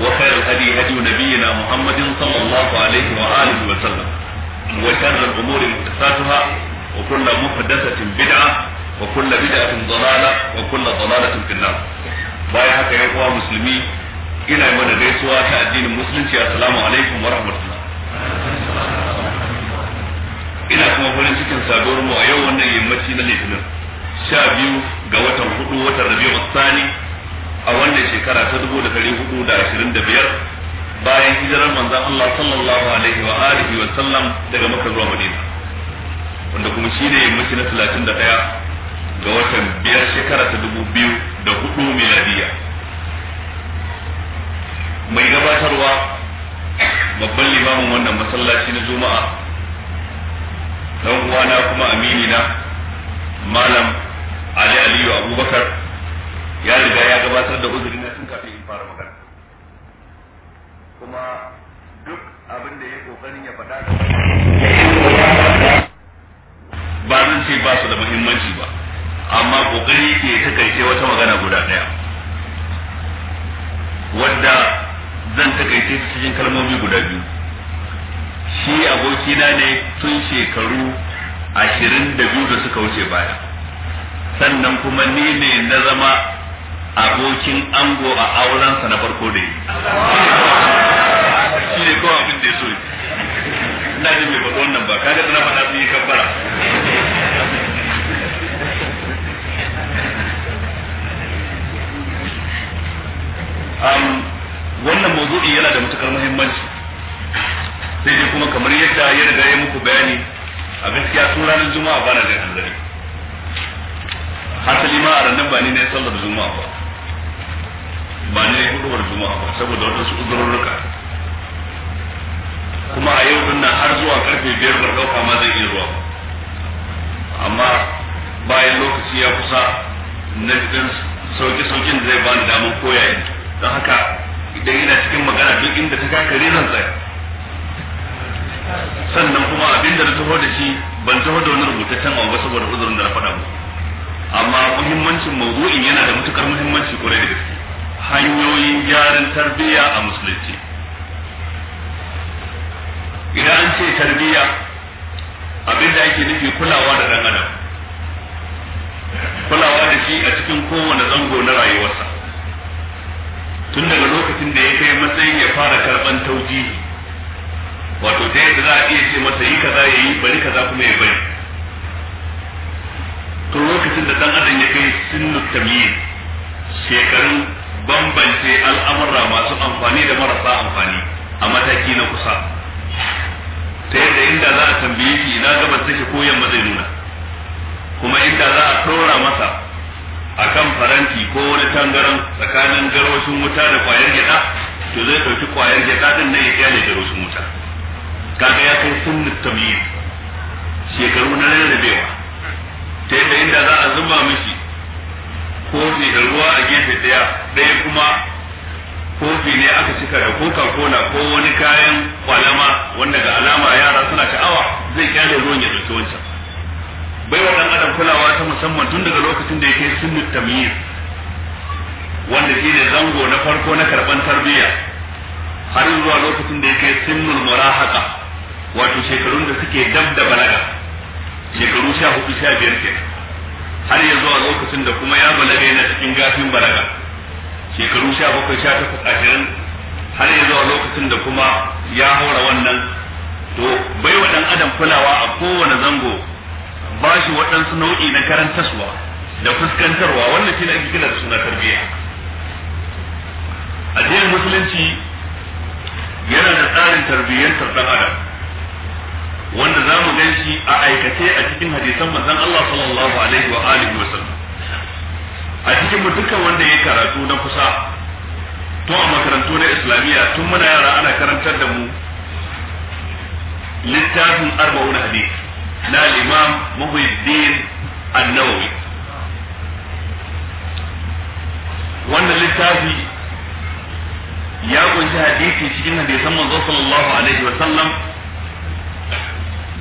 وخير الهدي هدي نبينا محمد صلى الله عليه وآله وسلم وشر الأمور محدثاتها وكل محدثة بدعة وكل بدعة ضلالة وكل ضلالة في النار باي حتى يقوى مسلمي إلى من غيسوا تأدين المسلم السلام عليكم ورحمة الله ina kuma farin cikin sabuwar mu a yau wannan yammaci na litinin sha biyu ga watan hudu watan rabi'u tsani a wannan shekara ta dubu da dari biyar bayan hijirar manzan Allah sallallahu alaihi wa alihi wa sallam daga Makka zuwa Madina wanda kuma shi ne yammaci na talatin ga watan biyar shekara ta dubu biyu da miladiya mai gabatarwa babban limamin wannan masallaci na juma'a dan uwana kuma amini na malam Ali Aliyu Abubakar ya riga ya gabatar da uzuri na sun kafin in fara magana kuma duk abin da ya kokarin ya faɗa da ba zan ce ba su da muhimmanci ba amma kokari ke ta kaice wata magana guda ɗaya wadda zan takaice ta cikin kalmomi guda biyu shi abokina ne tun shekaru ashirin da biyu da suka wuce baya sannan kuma ni ne na zama abokin ango a aurensa na farko da yi shi ne kawai abin da ya so ina jin mai faɗo wannan ba kaga na faɗa sun yi kabbara wannan mazuɗi yana da matukar muhimmanci sai dai kuma kamar yadda ya riga ya muku bayani a gaskiya tun ranar juma'a ba na da hanzari hasali ma a ranar ba ni ne sallar juma'a ba ba na yi hudubar juma'a ba saboda uzurin uzurruka kuma a yau din har zuwa karfe biyar ban ɗauka ma zai iya zuwa amma bayan lokaci ya kusa na ɗan sauke saukin da zai bani damar koyaye don haka idan yana cikin magana duk inda ta kakare zan tsaya sannan kuma abin da na taho da shi ban taho da wani rubutaccen abu ba saboda uzurin da na faɗa ba amma muhimmancin mawdu'in yana da matukar muhimmanci kwarai da gaske hanyoyin gyaran tarbiyya a musulunci idan an ce tarbiyya abinda ake nufi kulawa da dan adam kulawa da shi a cikin kowane zango na rayuwarsa tun daga lokacin da ya kai matsayin ya fara karban tauji wato ta yadda za a iya ce masa yi kaza ya yi bari kaza kuma ya bari tun lokacin da dan adam ya kai sinu tamyiz shekarun bambance al'amura masu amfani da marasa amfani a mataki na kusa ta yadda inda za a tambaye ki ina gaban take ko yamma zai nuna kuma inda za a ɗora masa a kan faranti ko wani tangaran tsakanin garwashin wuta da kwayar gyaɗa to zai ɗauki kwayar gyaɗa din nan ya kyale garwashin wuta kaga ya kai sunnat tamyiz shekaru na rarrabewa ta yadda inda za a zuba mishi kofi da ruwa a gefe daya ɗaya kuma kofi ne aka cika da koka kola ko wani kayan kwalama wanda ga alama yara suna sha'awa zai kyale ruwan ya dauki wancan bai wa dan adam kulawa ta musamman tun daga lokacin da yake sun tamyiz wanda ne zango na farko na karban tarbiyya har zuwa lokacin da yake mulmura haka. wato shekarun da suke dab da balaga shekaru sha sha biyar kenan har ya zuwa lokacin da kuma ya balaga yana cikin gafin balaga shekaru sha bakwai sha takwas ashirin har ya zuwa lokacin da kuma ya haura wannan to bai wa ɗan adam kulawa a kowane zango ba shi waɗansu nau'i na karantaswa da fuskantarwa wannan shi ne ake kira da suna tarbiyya addinin musulunci yana da tsarin tarbiyyantar ɗan adam wanda za mu gan shi a aikace a cikin hadisan manzon Allah sallallahu alaihi wa alihi wa sallam a cikin mu dukkan wanda ya karatu na kusa to a makarantu na islamiyya tun muna yara ana karantar da mu littafin arba'un hadith na al-imam Muhyiddin An-Nawawi wannan littafi ya kunshi hadisi cikin hadisan manzo sallallahu alaihi wa sallam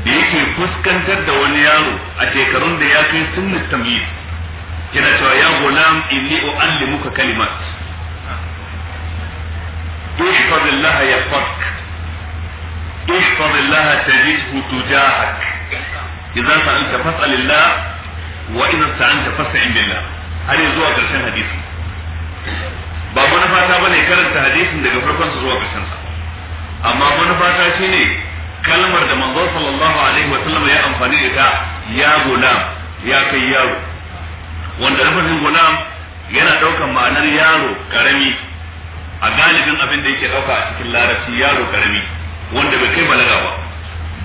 da yake fuskantar da wani yaro a shekarun da ya kai sunnat tamyiz yana cewa ya gulam inni uallimuka kalimat احفظ الله يحفظك احفظ الله تجده تجاهك إذا سألت فاسأل الله وإذا استعنت فاستعن بالله har zuwa ƙarshen hadisi ba wani fata ba ne karanta hadisin daga farkon zuwa zuwa Amma wani fata shi ne kalmar da amfani da ita ya gulam ya kai yaro wanda lafazin gulam yana daukan ma'anar yaro karami a galibin abin da yake dauka a cikin larabci yaro karami wanda bai kai balaga ba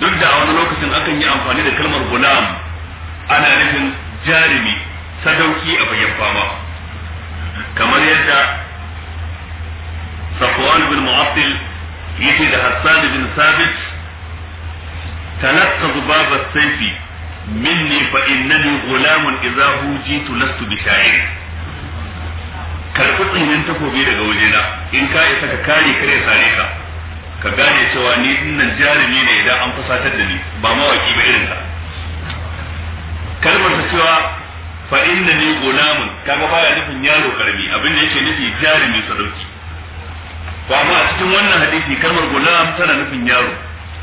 duk da a wani lokacin akan yi amfani da kalmar gulam ana nufin jarumi sadauki a bayan fama kamar yadda Safwan bin Mu'attil yake da Hassan bin Sabit تلقظ باب السيف مني فإنني غلام إذا هوجيت لست بشاعر karɓi tsinin takobi daga wajena in ka isa ka kare kare sare ka ka gane cewa ni dinnan jarumi ne idan an fasatar da ni ba mawaki ba irin ka kalmar ta cewa fa inna ni gulamun kaga baya nufin yaro karami abin da yake nufi jarumi sadauki to amma a cikin wannan hadisi kalmar gulam tana nufin yaro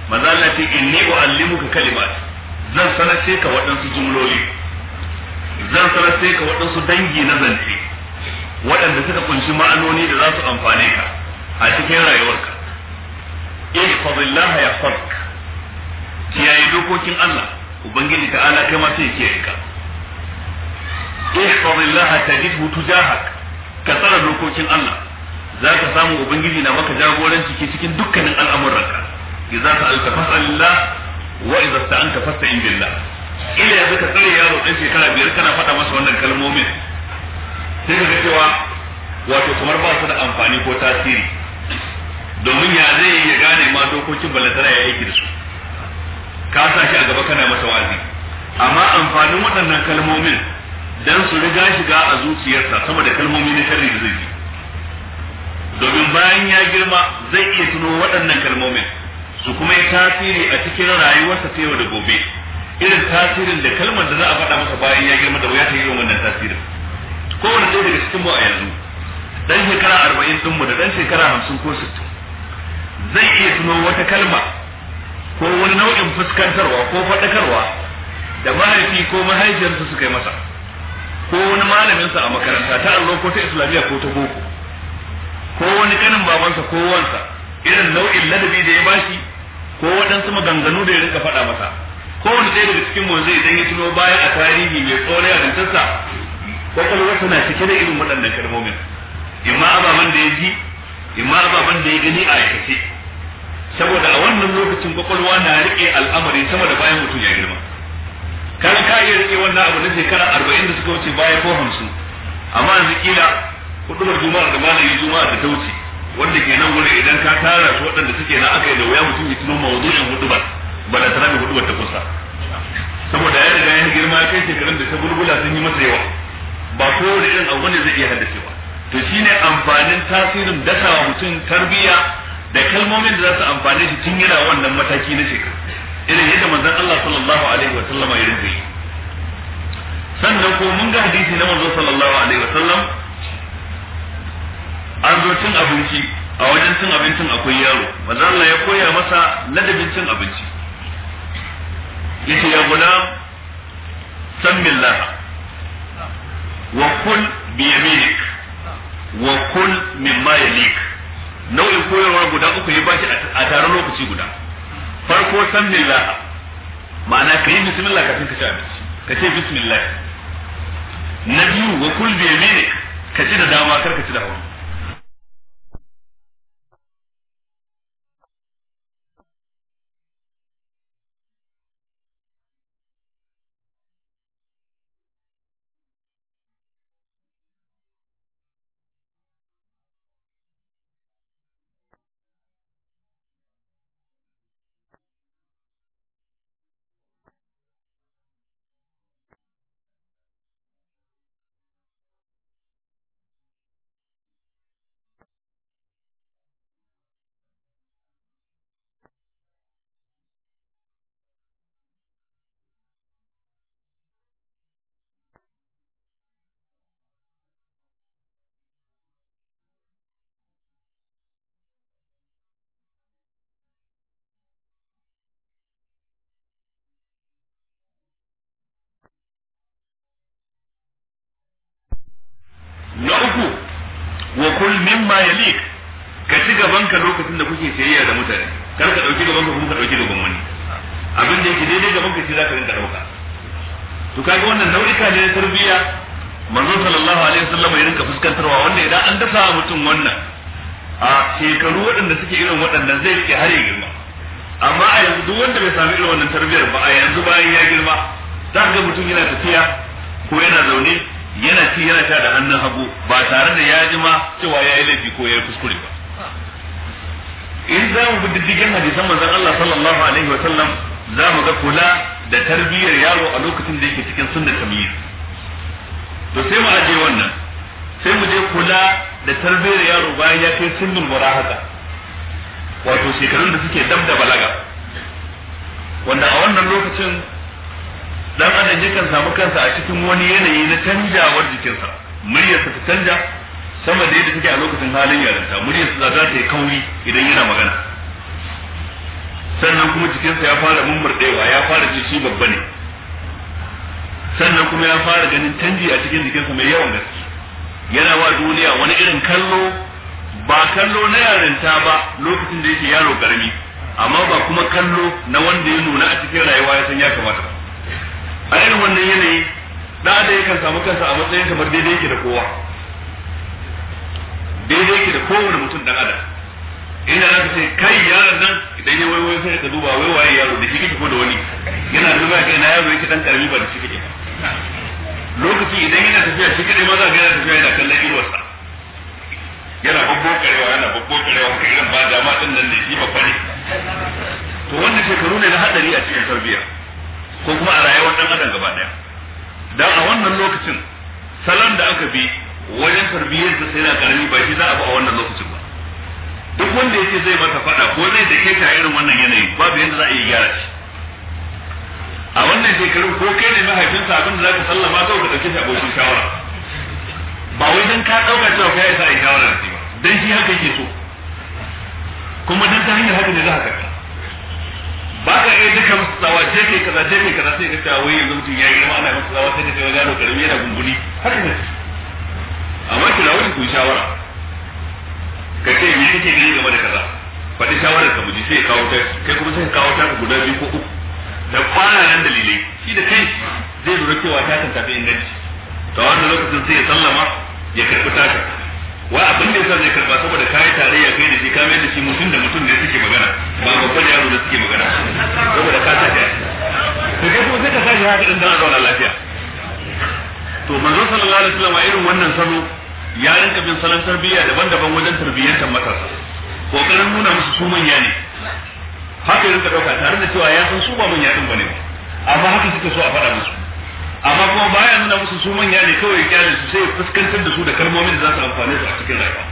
manzo Allah ce inni uallimuka kalimat zan sanar sai ka waɗansu jumloli zan sanar sai ka waɗansu dangi na zance waɗanda suka kunshi ma'anoni da za su amfane ka a cikin rayuwarka ya yahfazk kiyaye dokokin Allah ubangiji ta'ala kai ma sai kiyaye ka ihfazillaha tajidhu tujahak ka tsara dokokin Allah za ka samu ubangiji na maka jagoranci ke cikin dukkanin al'amuranka idza sa'alta fas'alillah الله idza استعنت فاستعن بالله ila yanzu ka tsare yaro dan shekara biyar kana faɗa masa wannan kalmomin sai ka cewa wato kamar ba su da amfani ko tasiri domin ya zai ya gane ma dokokin balatara ya aiki da su ka sa shi a gaba kana masa wazi amma amfanin waɗannan kalmomin dan su riga shiga a zuciyarsa sama da kalmomi na sharri da zai domin bayan ya girma zai iya tuno waɗannan kalmomin su kuma yi tasiri a cikin rayuwarsa ta yau da gobe irin tasirin da kalmar da za a faɗa masa bayan ya girma da wuya ta yi wannan tasirin kowane ɗaya daga cikin mu a yanzu dan shekara arba'in mu da dan shekara hamsin ko sittin zai iya tuno wata kalma ko wani nau'in fuskantarwa ko faɗakarwa da mahaifi ko mahaifiyarsa suka yi masa ko wani malaminsa a makaranta ta allo ko ta islamiyya ko ta boko ko wani kanin babansa ko wansa irin nau'in ladabi da ya bashi ko waɗansu maganganu da ya rinka faɗa masa wani ɗaya daga cikin mu zai dan yi tuno bayan a tarihi mai tsore a dantarsa kwakwalwarsa na cike da irin waɗannan kalmomin imma ababen da ya ji imma ababen da ya gani a aikace saboda a wannan lokacin kwakwalwa na riƙe al'amari sama da bayan mutum ya girma kan ka iya riƙe wannan abu na shekara arba'in da suka wuce baya ko hamsin amma yanzu kila da juma'ar da malayi juma'ar da ta wuce wanda ke nan wuri idan ka tara su waɗanda suke na aka yi da wuya mutum ya tuno mawdu'in hudubar ba da tara da hudubar ta kusa saboda ya riga ya girma kai shekarun da ta bulbula sun yi masa yawa ba ko da irin abu ne zai iya haddacewa to shine amfanin tasirin dasawa mutum tarbiyya da kalmomin da za su amfani shi tun yana wannan mataki na shekaru irin yadda manzon Allah sallallahu alaihi wa sallama ya rinka sannan ko mun ga hadisi na manzon sallallahu alaihi wa sallam an zo cin abinci a wajen cin abincin akwai yaro manzo Allah ya koya masa ladabin cin abinci yace ya san billah wa kul bi yaminik wa kul mimma yalik nau'in koyarwa guda uku ne bashi a taron lokaci guda farko san billah ma'ana ka yi bismillah kafin ka ci abinci ka ce bismillah na biyu wa kul bi yaminik ka ci da dama kar ka ci da hawa. kul mimma yalik ka ci gaban ka lokacin da kuke sayayya da mutane kar ka dauki gaban ka kuma ka dauki gaban wani abin da yake daidai gaban ka shi zaka rinka dauka to kaga wannan nau'ika ne na tarbiyya manzo sallallahu alaihi wasallam ya rinka fuskantarwa wanda idan an dasa mutum wannan a shekaru waɗanda suke irin waɗannan zai rike har ya girma amma a yanzu duk wanda bai sami irin wannan tarbiyyar ba a yanzu bayan ya girma za ga mutum yana tafiya ko yana zaune yana ci yana sha da hannun hagu ba tare da ya ji cewa ya yi laifi ko ya yi kuskure ba in za mu bi diddigin hadisan manzon Allah sallallahu alaihi wa sallam za mu ga kula da tarbiyyar yaro a lokacin da yake cikin sunna tamyiz to sai mu aje wannan sai mu je kula da tarbiyyar yaro bayan ya kai sunnul murahaka wato shekarun da suke dab da balaga wanda a wannan lokacin dan adam yakan samu kansa a cikin wani yanayi na canjawar jikinsa muryarsa ta canja sama da yadda take a lokacin halin yarinta muryarsa za ta yi kauri idan yana magana sannan kuma jikinsa ya fara mummurɗewa ya fara jin babba ne sannan kuma ya fara ganin canji a cikin jikinsa mai yawan gaske yana wa duniya wani irin kallo ba kallo na yarinta ba lokacin da yake yaro karami amma ba kuma kallo na wanda ya nuna a cikin rayuwa ya san ya kamata irin wannan yanayi da da yakan samu kansa a matsayin kamar daidai yake da kowa daidai yake da kowane mutum dan adam inda za ka ce kai yaron nan idan ya waiwai sai ka duba wai waye yaro da shi kake ko da wani yana da duba kai na yaro yake dan karami ba da shi kake lokaci idan yana tafiya shi kadai ma za ka yana tafiya yana kallon inuwarsa yana babbo karewa yana babbo karewa haka irin ba dama din nan da shi ba ne to wannan shekaru ne na hadari a cikin tarbiyya ko kuma a rayuwar dan adam gaba daya dan a wannan lokacin salon da aka bi wajen tarbiyyar da sai na karami ba shi za a ba a wannan lokacin ba duk wanda yake zai mata fada ko zai da keta irin wannan yanayi babu yanda za a iya gyara shi a wannan shekarun ko kai ne mahaifinsa abin da za ka sallama kawai ka ɗauke shi abokin shawara ba wai dan ka ɗauka cewa ka yi sa a shawara da shi ba dan shi haka yake so kuma dan ta hanyar haka ne za ka karɓa ba ka iya duka masu tsawa jefe kaza jefe kaza sai ka ce wai yanzu mutum ya girma ana masa tsawa sai ka ce gano karami yana gunguni haka ne amma kira wani kun shawara ka ce me kake gani game da kaza faɗi shawarar ka muji sai kawo ta kai kuma sai kawo ta ka guda biyu ko uku da kwanayen dalilai shi da kai zai lura cewa ta kan tafi inganci ta wata lokacin sai ya sallama ya karɓi taka wa abin da yasa zai karba saboda kai tarayya kai da shi ka mai da shi mutum da mutum ne suke magana ba babban yaro da suke magana saboda ka sa ta to kuma sai ka sai haka din dan a zauna lafiya to manzo sallallahu alaihi wasallam irin wannan salo ya rinka bin salon tarbiyya daban-daban wajen tarbiyyantar matasa kokarin nuna musu su manya ne haka ka dauka tare da cewa ya san su ba manya din bane amma haka suke so a faɗa musu amma kuma baya nuna musu su manya ne kawai ya kyale su sai fuskantar da su da kalmomin da za su amfane su a cikin rayuwa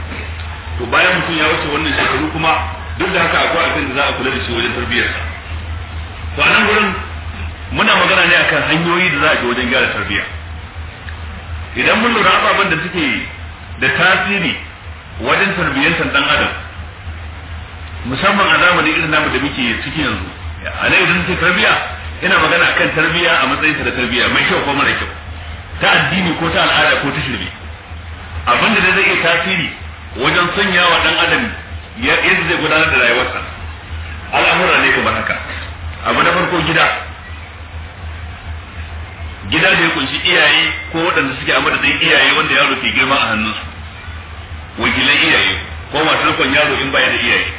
to bayan mutum ya wuce wannan shekaru kuma duk da haka akwai abin da za a kula da shi wajen tarbiyyarsa to a nan gurin muna magana ne akan hanyoyi da za a ke wajen gyara tarbiyya idan mun lura ababen da suke da tasiri wajen tarbiyyantar dan adam musamman a zamanin irin namu da muke ciki yanzu a nan idan suke tarbiyya ina magana akan tarbiyya a matsayin da tarbiyya mai kyau ko mara kyau ta addini ko ta al'ada ko ta shirme abin da zai iya tasiri wajen sanya wa dan adam yadda zai gudanar da rayuwarsa al'amura ne kamar haka abu na farko gida gida da ya kunshi iyaye ko waɗanda suke a madadin iyaye wanda yaro ke girma a hannunsu wakilan iyaye ko masu rikon yaro in baya da iyaye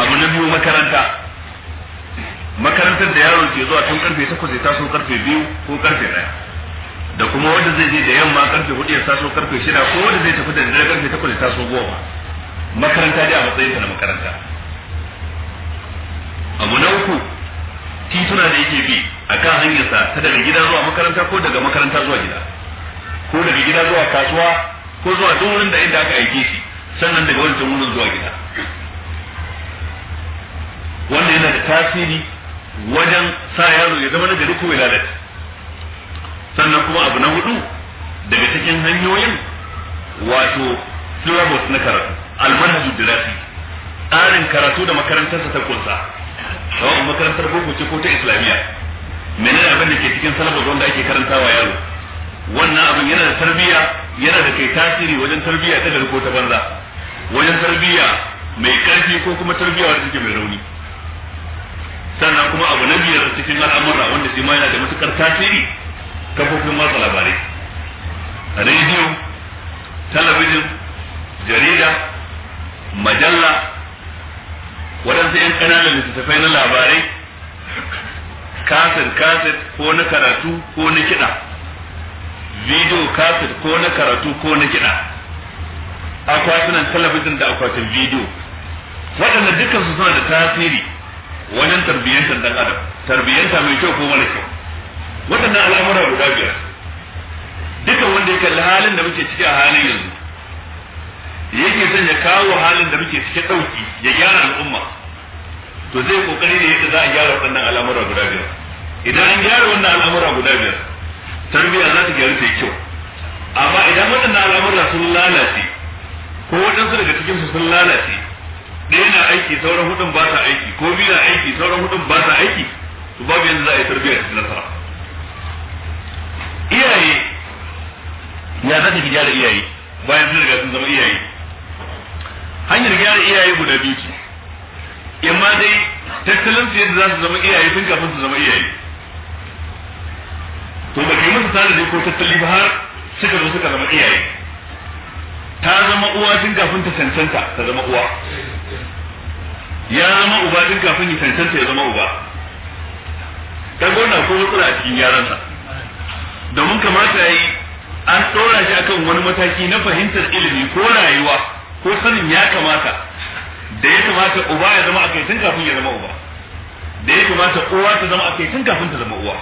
abu na biyu makaranta makarantar da yaro ke zuwa tun karfe takwas ya taso karfe biyu ko karfe ɗaya da kuma wanda zai je da yamma karfe hudu ya taso karfe shida ko wanda zai tafi da dare karfe takwas ya taso goma makaranta dai a matsayin ta na makaranta abu na uku tituna da yake bi kan hanyarsa ta daga gida zuwa makaranta ko daga makaranta zuwa gida ko daga gida zuwa kasuwa ko zuwa duk wurin da inda aka aike shi sannan daga wancan wurin zuwa gida wannan yana da tasiri wajen sa yaro ya zama nagari ko ya sannan kuma abu na hudu daga cikin hanyoyin wato syllabus na karatu almanhaju dirasi tsarin karatu da makarantarsa ta kunsa kawai makarantar boko ce ko ta islamiyya menene abin da ke cikin syllabus wanda ake karantawa yaro wannan abin yana da tarbiyya yana da kai tasiri wajen tarbiyya ta garko ta banza wajen tarbiyya mai karfi ko kuma tarbiyya wadda take mai rauni sannan kuma abu na biyar cikin al'amura wanda shi ma yana da matukar tasiri kafofin watsa labarai a rediyo talabijin jarida majalla waɗansu 'yan ƙananan littattafai na labarai kaset kaset ko na karatu ko na kiɗa video kaset ko na karatu ko na kiɗa akwatunan talabijin da akwatin video waɗanda dukansu suna da tasiri wajen tarbiyyanta dan adam tarbiyyanta mai kyau ko mara kyau waɗannan al'amura guda biyar dukan wanda ya kalli halin da muke ciki a halin yanzu yake son ya kawo halin da muke cike ɗauki ya gyara al'umma to zai kokari da yadda za a gyara waɗannan al'amura guda biyar idan an gyara wannan al'amura guda biyar tarbiyya za ta gyaru ta yi kyau amma idan waɗannan al'amura sun lalace ko waɗansu daga cikinsu sun lalace ɗaya na aiki sauran hudun ba ta aiki ko bi na aiki sauran hudun ba ta aiki to babu yanzu za a yi tarbiyyar nasara iyaye ya zaka ki gyara iyaye bayan sun riga sun zama iyaye hanyar gyara iyaye guda biyu ce ma dai tattalin su yadda za su zama iyaye sun kafin su zama iyaye to ba kai musu da ko tattali ba har suka zo suka zama iyaye ta zama uwa tun kafin ta cancanta ta zama uwa ya zama uba tun kafin ya cancanta ya zama uba ta gona ko matsala a cikin yaransa domin kamata ya yi an tsora shi akan wani mataki na fahimtar ilimi ko rayuwa ko sanin ya kamata da ya kamata uba ya zama akai tun kafin ya zama uba da ya kamata uwa ta zama akai tun kafin ta zama uwa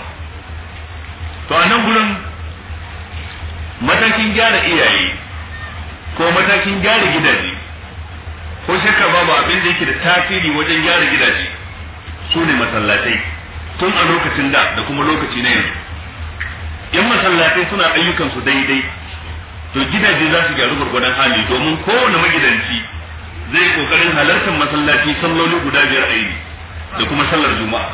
to a nan gurin matakin gyara iyaye ko matakin gyara gidaje ko shakka babu abin da yake da tasiri wajen gyara gidaje su ne masallatai tun a lokacin da da kuma lokaci na yanzu Yan masallatai suna ayyukansu daidai to gidaje za su gyaru gwargwadon hali domin kowane magidanci zai kokarin halartar masallaci salloli guda biyar a yi da kuma sallar juma'a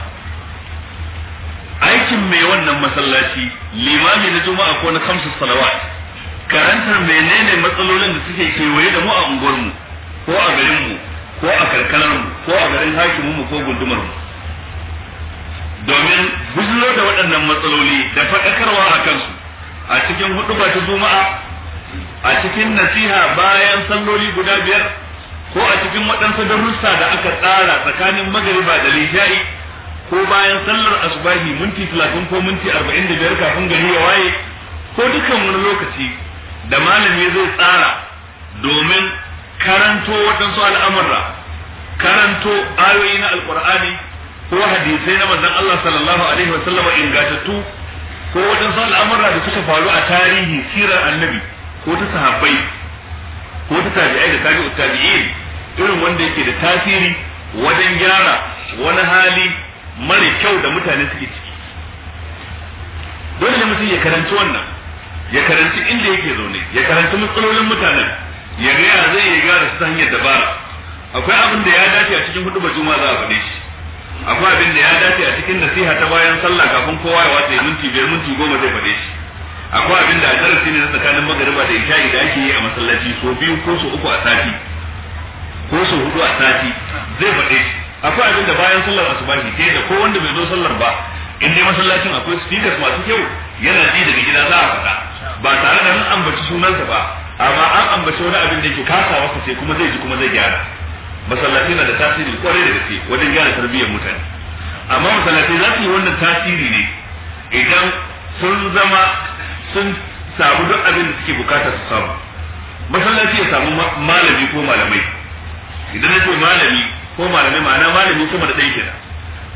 aikin mai wannan masallaci limami na juma'a ko na kamsu salawat karantar menene matsalolin da suke kewaye da mu a unguwarmu ko a garinmu ko a karkararmu ko a garin hakiminmu ko gundumarmu domin gudunar da waɗannan matsaloli da faɗakarwa a kansu a cikin ba ta juma'a a cikin nasiha bayan salloli guda biyar ko a cikin waɗansu darussa da aka tsara tsakanin ba da lisha'i ko bayan sallar asubahi minti talatin ko minti arba'in da biyar kafin gari ya waye ko dukkan wani lokaci da malami zai tsara domin karanto waɗansu al'amurra karanto ayoyi na alkur'ani ko hadisai na manzon Allah sallallahu alaihi wasallam ingatattu ko waɗansu al'amurra da suka faru a tarihi sirar annabi ko ta sahabbai ko ta tabi'ai da tabi'ut tabi'in irin wanda yake da tasiri wajen gyara wani hali mara kyau da mutane suke ciki dole ne mutum ya karanci wannan ya karanci inda yake zaune ya karanci matsalolin mutanen ya ga ya zai yi gara ta hanyar dabara akwai abin da ya dace a cikin hudu juma'a za a faɗe shi akwai abin da ya dace a cikin nasiha ta bayan sallah kafin kowa ya wata minti biyar minti goma zai faɗe shi akwai abin da a darasi ne na tsakanin magariba da isha'i da ake yi a masallaci so biyu ko so uku a sati ko so hudu a sati zai faɗe shi akwai abin da bayan sallar shi, sai da ko wanda bai zo sallar ba in dai masallacin akwai speakers masu kyau yana ji daga gida za a faɗa ba tare da mun ambaci sunansa ba amma an ambaci wani abin da yake kasawa sa sai kuma zai ji kuma zai gyara masallaci na da tasiri kwarai da gaske wajen gyara tarbiyyar mutane amma masallaci za su yi wannan tasiri ne idan sun zama sun samu duk abin da suke bukata su samu masallaci ya samu malami ko malamai idan na ce malami ko malamai ma'ana malami sama da ɗaya kenan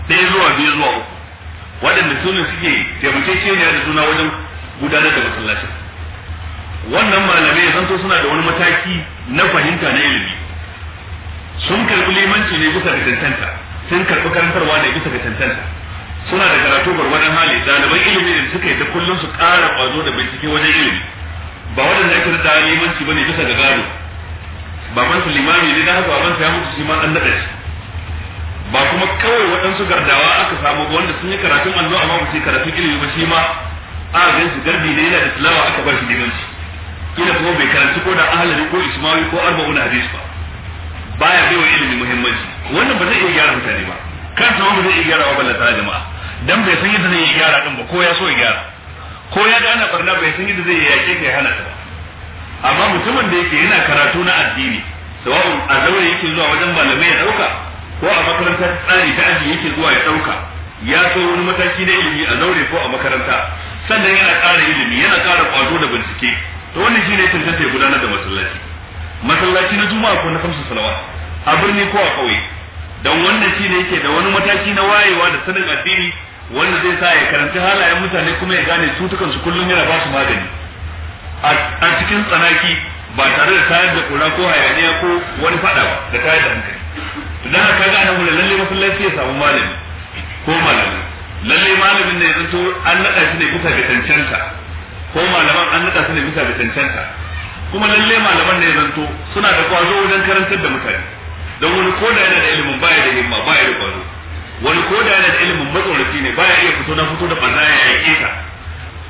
ɗaya zuwa biyu zuwa uku waɗanda su ne suke taimakekeniya da juna wajen gudanar da masallacin wannan malamai so suna da wani mataki na fahimta na ilimi sun karɓi limanci ne bisa ga tantanta sun karɓi karantarwa ne bisa ga tantanta suna da karatu gwargwadon hali ɗaliban ilimi ne suka yi da kullum su ƙara ƙwazo da bincike wajen ilimi ba waɗanda ake da limanci ba ne bisa ga gado baban su limami ne na haka baban sa ya mutu shi ma an naɗa shi ba kuma kawai waɗansu gardawa aka samu ba wanda sun yi karatun allo amma ba su yi karatun ilimi ba shi ma aka Garbi ne yana da tilawa aka bar shi gidansu kila kuma bai karanci ko da ahalari ko ismawi ko arba'una hadis ba baya bai wa ilimi muhimmanci wannan ba zai iya gyara mutane ba sa ba zai iya gyara wa ballata jama'a dan bai san yadda zai iya gyara din ba ko ya so ya gyara ko ya ga ana barna bai san yadda zai iya yake kai hana ta ba amma mutumin da yake yana karatu na addini sawa'un a zaure yake zuwa wajen malamai ya dauka ko a makarantar tsari ta aji yake zuwa ya dauka ya so wani mataki na ilimi a zaure ko a makaranta sannan yana ƙara ilimi yana ƙara ƙwazo da bincike to wannan shine tantance ya gudanar da masallaci masallaci na juma'a ko na kamsu salawa a birni ko a ƙauye don wannan ne yake da wani mataki na wayewa da sanin addini wanda zai sa ya karanta halayen mutane kuma ya gane cutukan su kullum yana ba su magani a cikin tsanaki ba tare da tayar da kura ko hayaniya ko wani fada ba da tayar da hankali to haka ga nan lalle masallaci ya samu malami ko malami lalle malamin ne zanto an nada shi ne bisa ga cancanta ko malaman an nada su ne bisa ga cancanta kuma lalle malaman ne zanto suna da kwazo wajen karantar da mutane don wani ko da yana da ilimin baya da himma baya da kwazo wani ko da yana da ilimin matsoraci ne baya iya fito na fito da banza ya yake ta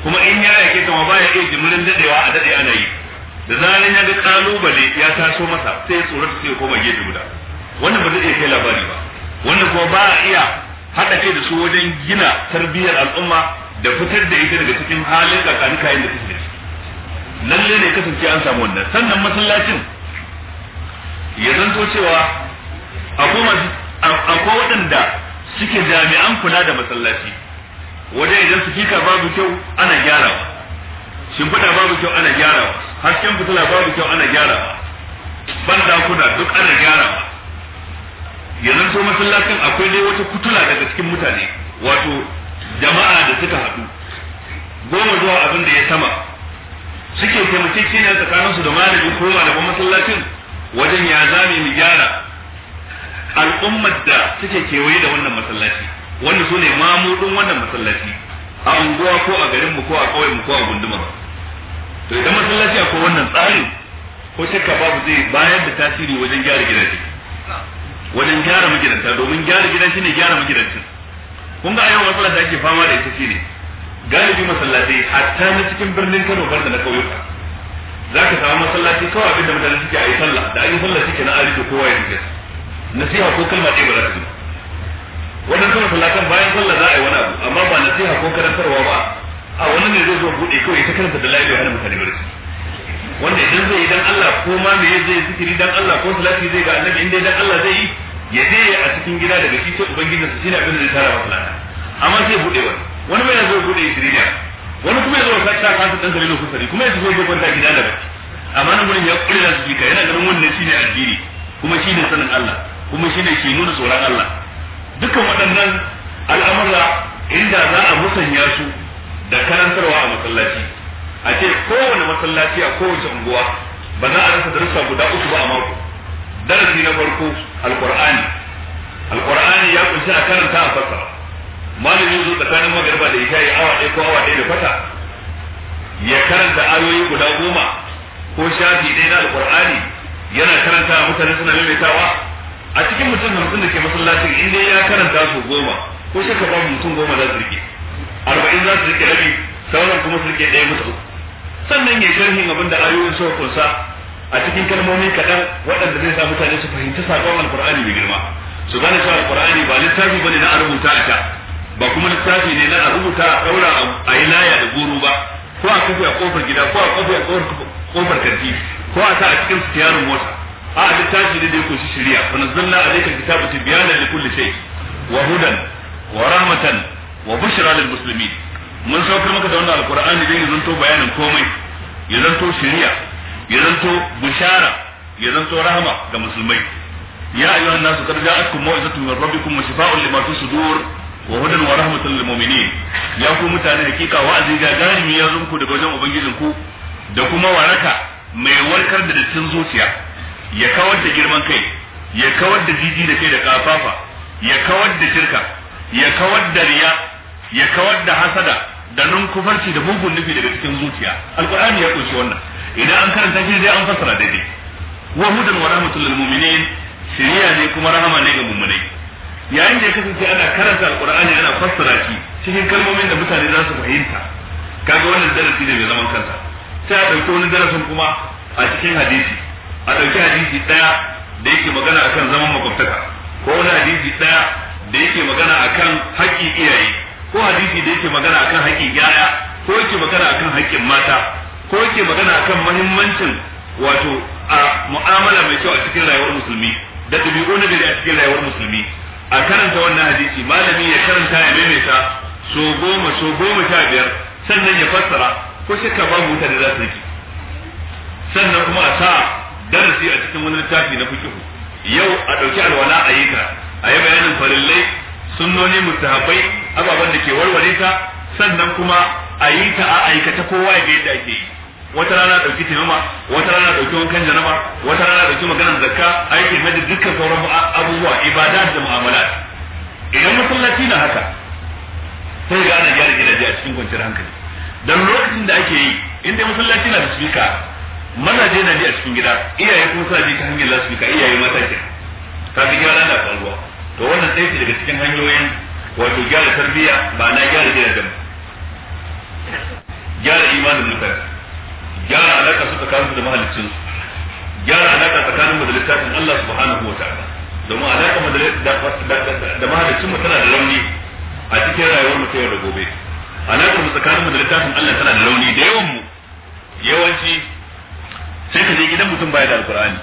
kuma in ya yake ta ma baya iya jimirin dadewa a dade ana yi da zaran ya ga kalubale ya taso masa sai ya tsorata sai ya koma gefe guda wannan ba zai iya kai labari ba wannan kuma ba a iya haɗa kai da su wajen gina tarbiyyar al'umma da fitar da ita daga cikin halin kakani kayan da take lalle ne kasance an samu wannan sannan masallacin ya zanto cewa akwai waɗanda suke jami'an kula da masallaci wajen idan su fika babu kyau ana gyarawa shimfiɗa babu kyau ana gyarawa hasken fitila babu kyau ana gyarawa ban dakuna duk ana gyarawa Yanzu masallacin akwai dai wata kutula daga cikin mutane wato jama'a da suka haɗu goma zuwa abin da ya sama suke ne tsakanin su da malamin ko malamin masallacin wajen ya zame mu gyara al'ummar da suke kewaye da wannan masallaci wanda su ne mamudin wannan masallaci a unguwa ko a garinmu ko a ƙauyenmu ko a gunduma to idan masallaci akwai wannan tsarin ko shakka babu zai bayar da tasiri wajen gyara gidaje wajen gyara magidanta domin gyara gidan shine gyara magidancin kun ga ayyukan matsala da ake fama da ita shine galibi masallatai hatta na cikin birnin Kano bar da na kauyuka zaka samu masallaci kawai abinda mutane suke yi sallah da ayi sallah suke na arike kowa ya rike nasiha ko kalma ɗaya ba za ta wannan kuma sallatan bayan sallah za a yi wani abu amma ba nasiha ko karantarwa ba a wannan ne zai zo bude kawai ta karanta da lafiya hana mutane barci wanda idan zai yi dan Allah ko ma me zai zikiri dan Allah ko salati zai ga annabi inda dan Allah zai yi ya je a cikin gida daga shi sai ubangijin su shine abin da zai tara masa lada amma sai bude wani wani bai zo bude ne wani kuma ya yazo sai ta kasa dan dalilin kusari kuma yazo ya kwanta gida da ba. amma nan gurin ya kure da zuciya yana ganin wannan shine addini kuma shine sanin Allah kuma shine ke nuna tsoron Allah dukkan waɗannan al'amura inda za a musanya su da karantarwa a masallaci a ce kowane masallaci a kowace unguwa ba za a rasa darussa guda uku ba a mako darasi na farko alqur'ani alqur'ani ya kunshi a karanta a fasa malamin zo tsakanin magarba da isha awa ɗaya ko awa ɗaya da fata ya karanta ayoyi guda goma ko shafi ɗaya na alqur'ani yana karanta mutane suna maimaitawa a cikin mutum hamsin da ke masallacin in ya karanta su goma ko shi ka babu mutum goma za su rike arba'in za su rike rabi sauran kuma su rike ɗaya mutu sannan ya sharhin abin da ayoyin suka kunsa a cikin kalmomi kaɗan waɗanda zai sa mutane su fahimci saƙon Alƙur'ani mai girma su gane cewa alkur'ani ba littafi bane na a rubuta a ta ba kuma littafi ne na a rubuta a ɗaura a yi laya da goro ba ko a kafe a kofar gida ko a kafe a kofar kanti ko a sa a cikin sitiyarin mota a littafi ne da ya kunshi shari'a fa nazzalna alayka kitaba tibyanan likulli shay wa hudan wa rahmatan wa bushra lil muslimin mun saukar maka da wannan alkur'ani dai ya to bayanin komai ya to shari'a ya zanto bushara ya zanto rahama ga musulmai ya ayyuhan nasu qad ja'atkum mau'izatun min rabbikum wa shifa'un lima fi sudur wa hudan wa rahmatan lil mu'minin ya ku mutane hakika wa'azi gagarumi ya zo muku daga wajen ubangijin ku da kuma waraka mai warkar da dattin zuciya ya kawar da girman kai ya kawar da jiji da kai da kafafa ya kawar da shirka ya kawar da riya ya kawar da hasada da nan kufarci da mugun nufi daga cikin zuciya alqur'ani ya kunshi wannan idan an karanta shi dai an fassara daidai wa hudan wa rahmatul lil mu'minin shiriya ne kuma rahama ne ga mu'minai yayin da ya kasance ana karanta alqur'ani ana fassara shi cikin kalmomin da mutane za su fahimta kaga wannan darasi ne mai zaman kansa sai a dauki wani darasin kuma a cikin hadisi a dauki hadisi daya da yake magana akan zaman makwabtaka ko wani hadisi daya da yake magana akan haƙƙin iyaye ko hadisi da yake magana akan haƙƙin yaya ko yake magana akan haƙƙin mata ko yake magana akan muhimmancin wato a mu'amala mai kyau a cikin rayuwar musulmi da ɗabi'u na gari a cikin rayuwar musulmi a karanta wannan hadisi malami ya karanta ya maimaita so goma so goma sha biyar sannan ya fassara ko ka babu da za su yi sannan kuma a sa darasi a cikin wani littafi na fikihu yau a ɗauki alwala a yi ta a yi bayanin falillai sunnoni mustahabbai ababan da ke warware ta sannan kuma a yi ta a aikata kowa ya ga yadda ake yi wata rana dauki timama wata rana dauki wankan janaba wata rana dauki maganar zakka aikin hajji dukkan sauran abubuwa ibada da mu'amala idan masallaci na haka sai ga ana gyara gidaje a cikin kwanciyar hankali dan lokacin da ake yi inda masallaci na da spika mazaje na ji a cikin gida iyaye kuma suna ji ta hanyar lasfika iyaye mata ke ta ga gyara na faruwa to wannan ɗaya ce daga cikin hanyoyin wato gyara tarbiyya ba na gyara gidajen gyara imanin mutane gyara alaƙa su tsakanin da mahaliccin gyara alaƙa tsakanin da littafin Allah subhanahu wa ta'ala domin alaƙa da mahaliccin mu tana da rauni a cikin rayuwar mu ta yau da gobe alaƙa mu tsakanin da littafin Allah tana da rauni da yawan mu yawanci sai ka je gidan mutum baya da alƙur'ani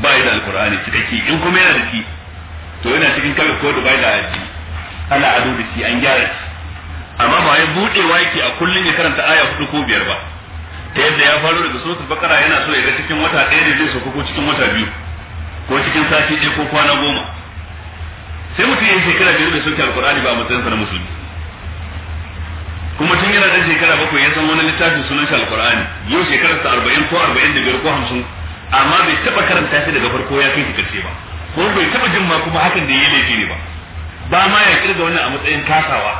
ba ya da alkur'ani cikakke in kuma yana da shi to yana cikin kaga ko da bai da aji ana ado da shi an gyara shi amma ba ya wa yake a kullun ya karanta aya hudu ko biyar ba ta yadda ya faro daga suratul bakara yana so ya ga cikin wata ɗaya da zai sauka ko cikin wata biyu ko cikin sati ɗaya ko kwana goma sai mutum ya yi shekara biyar da sauke alkur'ani ba a matsayinsa na musulmi kuma tun yana da shekara bakwai ya san wani littafin sunan shi alkur'ani yau shekararsa arba'in ko arba'in da biyar ko hamsin amma bai taba karanta shi daga farko ya kai karshe ba ko bai taba jin ma kuma hakan da yayi laifi ne ba ba ma ya kirga wannan a matsayin kasawa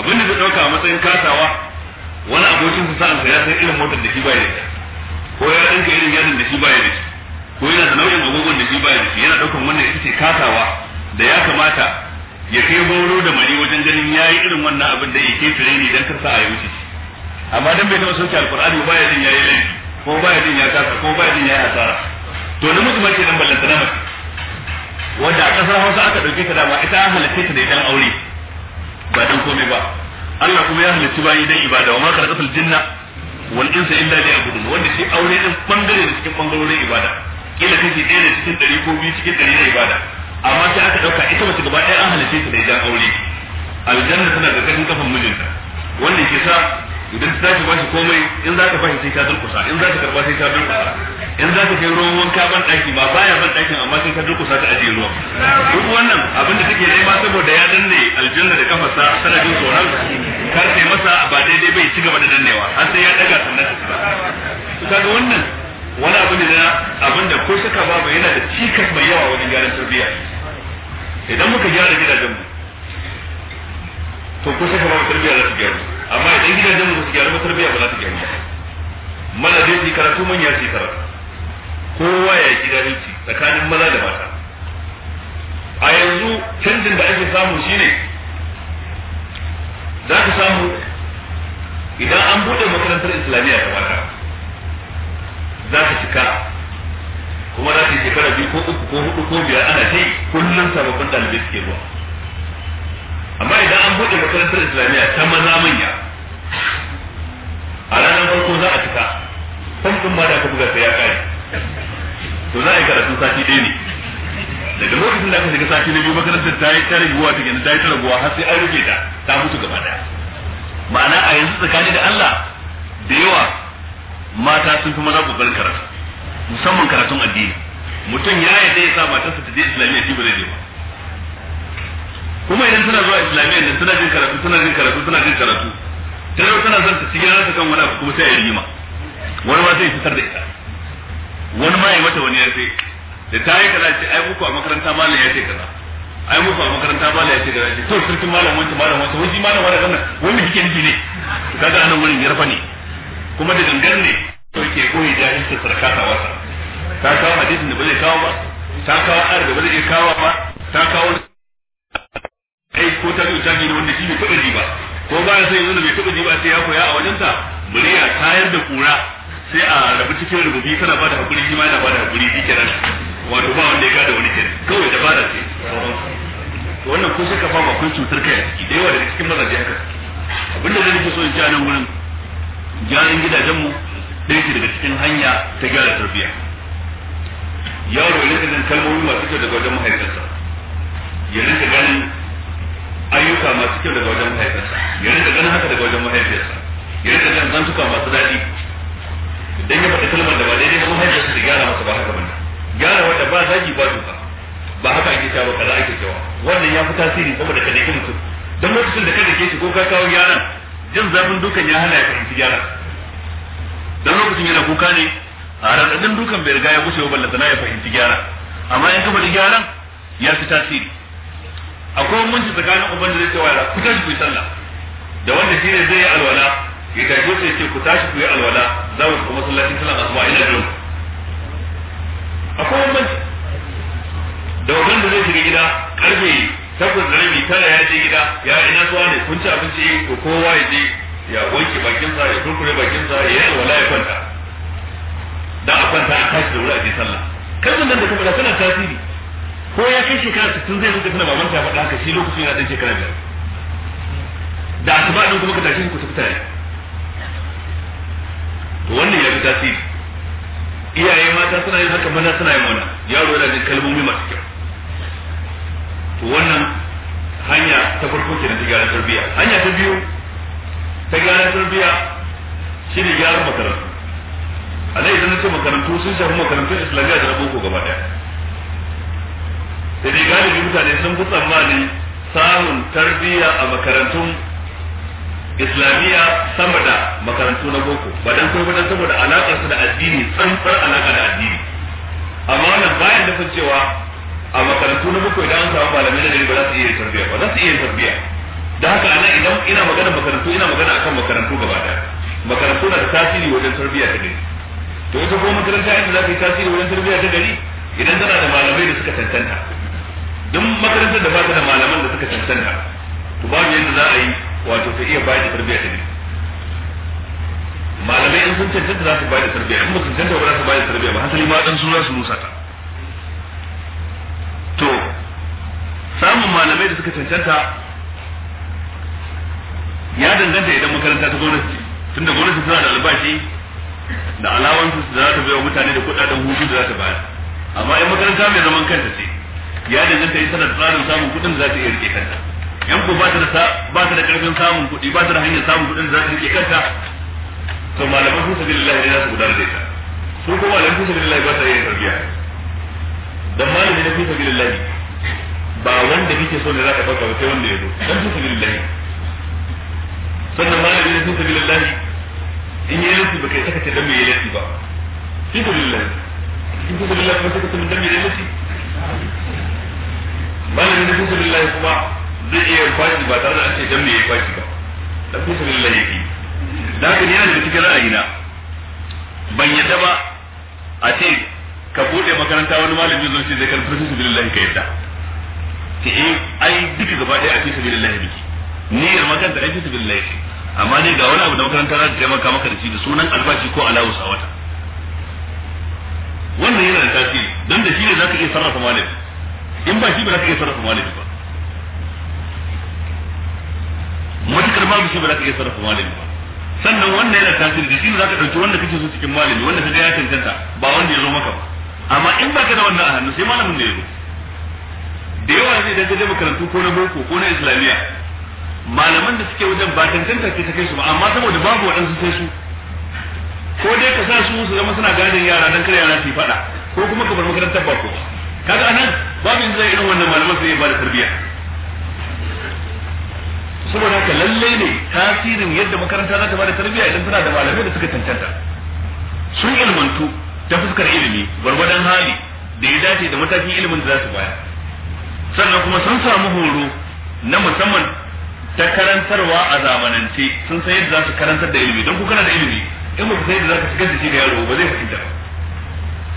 abin da zai dauka a matsayin kasawa wani abokin sa sa'an ya san irin motar da shi ba yake ko ya dinka irin yadin da shi ba yake ko yana da nau'in agogon da shi ba yake yana daukan wannan ita ce kasawa da ya kamata ya kai gauro da mari wajen ganin yayi irin wannan abin da yake tare ne dan karsa a yi wuce amma dan bai taba sauke alqur'ani ba ya yayi laifi ko baya jin ya kasa ko baya jin ya yi asara to namiji mace nan ballanta na mace wanda a kasar Hausa aka dauke ta dama ita an halitta ta da idan aure ba dan komai ba Allah kuma ya halitta bayi dan ibada wa ma khalaqatul jinna wal insa illa liya'budun wanda shi aure din bangare da cikin bangarorin ibada kila kake ɗaya da cikin ɗari ko biyu cikin ɗari na ibada amma sai aka dauka ita mace gaba ɗaya an halitta ta da idan aure aljanna tana da kafin kafan mijinta wanda ke sa idan za ka bashi komai in za ka bashi sai ka durkusa in za ka karba sai ka durkusa in za ka kai ruwan wanka ban daki ba baya ban dakin amma sai ka durkusa ka ajiye ruwan duk wannan abin da take nema saboda ya danne aljanna da kafarsa jin tsoron kar sai masa ba daidai bai ci gaba da dannewa har sai ya daga sannan ta kaga wannan wani abu ne na abin da ko ba babu yana da cikas mai yawa wajen gyaran tarbiyya idan muka gyara gidajenmu to ko shaka babu tarbiyya za su gyara. amma idan gidajen mu su gyaru ba biya ba za ta gyaru ba dai zai karatu manya su ci karatu kowa ya yi ci tsakanin maza da mata a yanzu canjin da ake samu shine za ka samu idan an buɗe makarantar islamiyya ta mata za ta cika kuma za ta yi shekara biyu ko uku ko hudu ko biyar ana ta yi kullum sababbin ɗalibai suke zuwa amma idan an buɗe makarantar islamiyya ta maza manya a ranar farko za a cika famfin ma da aka buga sai ya kare to za a yi karatu sati ɗaya ne daga lokacin da aka shiga sati na biyu makarantar ta yi guwa ta gina ta yi guwa har sai an rufe ta ta mutu gaba ɗaya ma'ana a yanzu tsakani da Allah da yawa mata sun fi maza ƙoƙarin karatu musamman karatun addini mutum ya yarda ya sa matarsa ta je islamiyya shi ba zai je ba kuma idan suna zuwa islamiyyar nan suna jin karatu suna jin karatu suna jin karatu tare tana zanta cikin ransa kan wani abu kuma sai ya rima wani ma sai fitar da ita wani ma ya mata wani ya ce da ta yi kaza ce ai muku a makaranta malam ya ce kaza ai muku a makaranta malam ya ce kaza ce to sarkin malam wancan malam wancan wani malam wani gana wani kike nufi ne kaga anan wurin yarfa ne kuma da gangan ne to ke koyi jahilci sarkata wasa ta kawo hadisin da ba zai kawo ba ta kawo ayar da ba zai kawo ba ta kawo ai ko ta biyu ne wanda shi bai taɓa ji ba ko ba ya sai wanda bai taɓa ji ba sai ya koya a wajen wajensa muriya tayar da kura sai a rabu cikin rububi kana bada hakuri shi ma yana bada hakuri shi kenan wato ba wanda ya gada wani kenan kawai da bada ce wannan ko shaka ba kun cutar kai a ciki da yawa daga cikin mazaje haka abinda zan yi so in ji a nan wurin gyaran gidajenmu ɗaya ce daga cikin hanya ta gyara tarbiyya yaro ya rinka jin kalmomi masu kyau daga wajen mahaifinsa ya rinka ganin ayyuka masu kyau daga wajen mahaifinsa ya rinka ganin haka daga wajen mahaifiyarsa ya rinka ganin zantuka masu daɗi idan ya faɗi kalmar da ba daidai ba mahaifiyarsa da gyara masa ba haka bane gyara wanda ba zagi ba duka ba haka ake cewa kaza ake cewa wannan ya fi tasiri saboda da dake mutum don lokacin da ka dake shi ko ka kawo yaran jin zafin dukan ya hana ya fahimci gyara don lokacin yana kuka ne a raɗaɗin dukan bai riga ya gushe ba na ya fahimci gyara amma in ka faɗi gyaran ya fi tasiri akwai munci tsakanin uban da zai ce wala ku tashi ku yi sallah da wanda shi ne zai yi alwala ya tashi sai ce ku tashi ku yi alwala za mu kuma masallacin sallah asuba ina jiran akwai munci da wajen da zai shiga gida karfe takwas da rabi tara ya je gida ya ina zuwa ne kun ci abinci ko kowa ya je ya wanke bakinsa ya kurkure bakinsa ya yi alwala ya kwanta da a kwanta a tashi da wuri a je sallah kalmar nan da kuma da tana tasiri ko ya kai shekara sittin zai rinka tana babanta ya faɗa haka shi lokacin yana ɗan shekara biyar da asuba ɗin kuma ka tashi ku tafi tare to wannan ya fi tasiri iyaye mata suna yin haka maza suna yin wannan yaro yana jin kalmomi masu kyau to wannan hanya ta farko kenan ta gyara tarbiyya hanya ta biyu ta gyara tarbiyya shi ne gyaran makarantu a nan idan na ce makarantu sun shafi makarantun islamiyya da na boko gaba daya sai dai galibi mutane sun fi tsammani samun tarbiyya a makarantun islamiyya sama da makarantu na boko ba dan kuma dan saboda alaƙar su da addini tsantsar alaƙa da addini amma wannan bayan da cewa a makarantu na boko idan an samu malamai na gari ba za su iya tarbiyya ba za su iya tarbiyya da haka ana idan ina magana makarantu ina magana akan makarantu gaba daya makarantu na da tasiri wajen tarbiyya ta gari to ita kuma makaranta yadda za ta yi tasiri wajen tarbiyya ta gari idan tana da malamai da suka tantanta duk makarantar da ba ta da malaman da suka cancanta to babu yadda za a yi wato ta iya bayar da tarbiyya ta ne malamai in sun cancanta za su bayar da tarbiyya in ba su cancanta ba za su bayar da tarbiyya ba hasali ma dan su za su rusa ta to samun malamai da suka cancanta ya danganta idan makaranta ta gwamnati tunda gwamnati tana da albashi da alawansu da za ta bai wa mutane da kudaden hutu da za ta bayar amma in makaranta mai zaman kanta ce ya danganta yi sanar tsarin samun kuɗin da za ta iya rike kanta yan ku ba ta da karfin samun kuɗi ba ta da hanyar samun kuɗin da za ta rike kanta to malaman su sabilillahi ne za su gudanar da ita su ko malaman su sabilillahi ba ta iya tarbiya dan malami na fi sabilillahi ba wanda kike so ne za ka ɗauka ba sai wanda ya zo dan fi sabilillahi sannan malami na fi sabilillahi in yi laifi ba kai saka ta dan ya laifi ba fi sabilillahi in fi sabilillahi ba ka ta dan ya lissi. malamin da kusa lillahi kuma zai iya fashi ba tare da an ce dan me ya fashi ba da kusa lillahi yake da haka yana da cikin ra'ayina ban yadda ba a ce ka bude makaranta wani malami zai ce zai karfi kusa lillahi ka yadda ta eh ai duka gaba ɗaya a fi sabilillahi biki niyyar makaranta ai fi sabilillahi ce amma ne ga wani abu da makaranta za ta taimaka maka da shi da sunan albashi ko alawus a wata wannan yana da tasiri don da shi ne za ka iya sarrafa malami in ba shi ba za ka iya sarrafa malami ba matukar babu shi ba za ka iya sarrafa malami ba sannan wannan yana tasiri da shi za ka ɗauki wanda kake so cikin malami wanda ka ga ya cancanta ba wanda ya zo maka ba amma in ba ka da wannan a hannu sai malamin da ya zo da yawa zai da je makarantu ko na boko ko na islamiyya malaman da suke wajen ba cancanta ke ta kai su ba amma saboda babu waɗansu sai su ko dai ka sa su su zama suna gadin yara don kar yara su faɗa ko kuma ka bar makarantar ba ko kaga anan babin zai irin wannan malaman sai ba da tarbiyya saboda haka lalle ne tasirin yadda makaranta za ta ba da tarbiyya idan tana da malamai da suka cancanta sun ilmantu ta fuskar ilimi gwargwadon hali da ya dace da matakin ilimin da za su baya sannan kuma sun samu horo na musamman ta karantarwa a zamanance sun san yadda za su karantar da ilimi don ku kana da ilimi in ba ku san yadda za ka shigar da shi ga yaro ba zai fahimta ba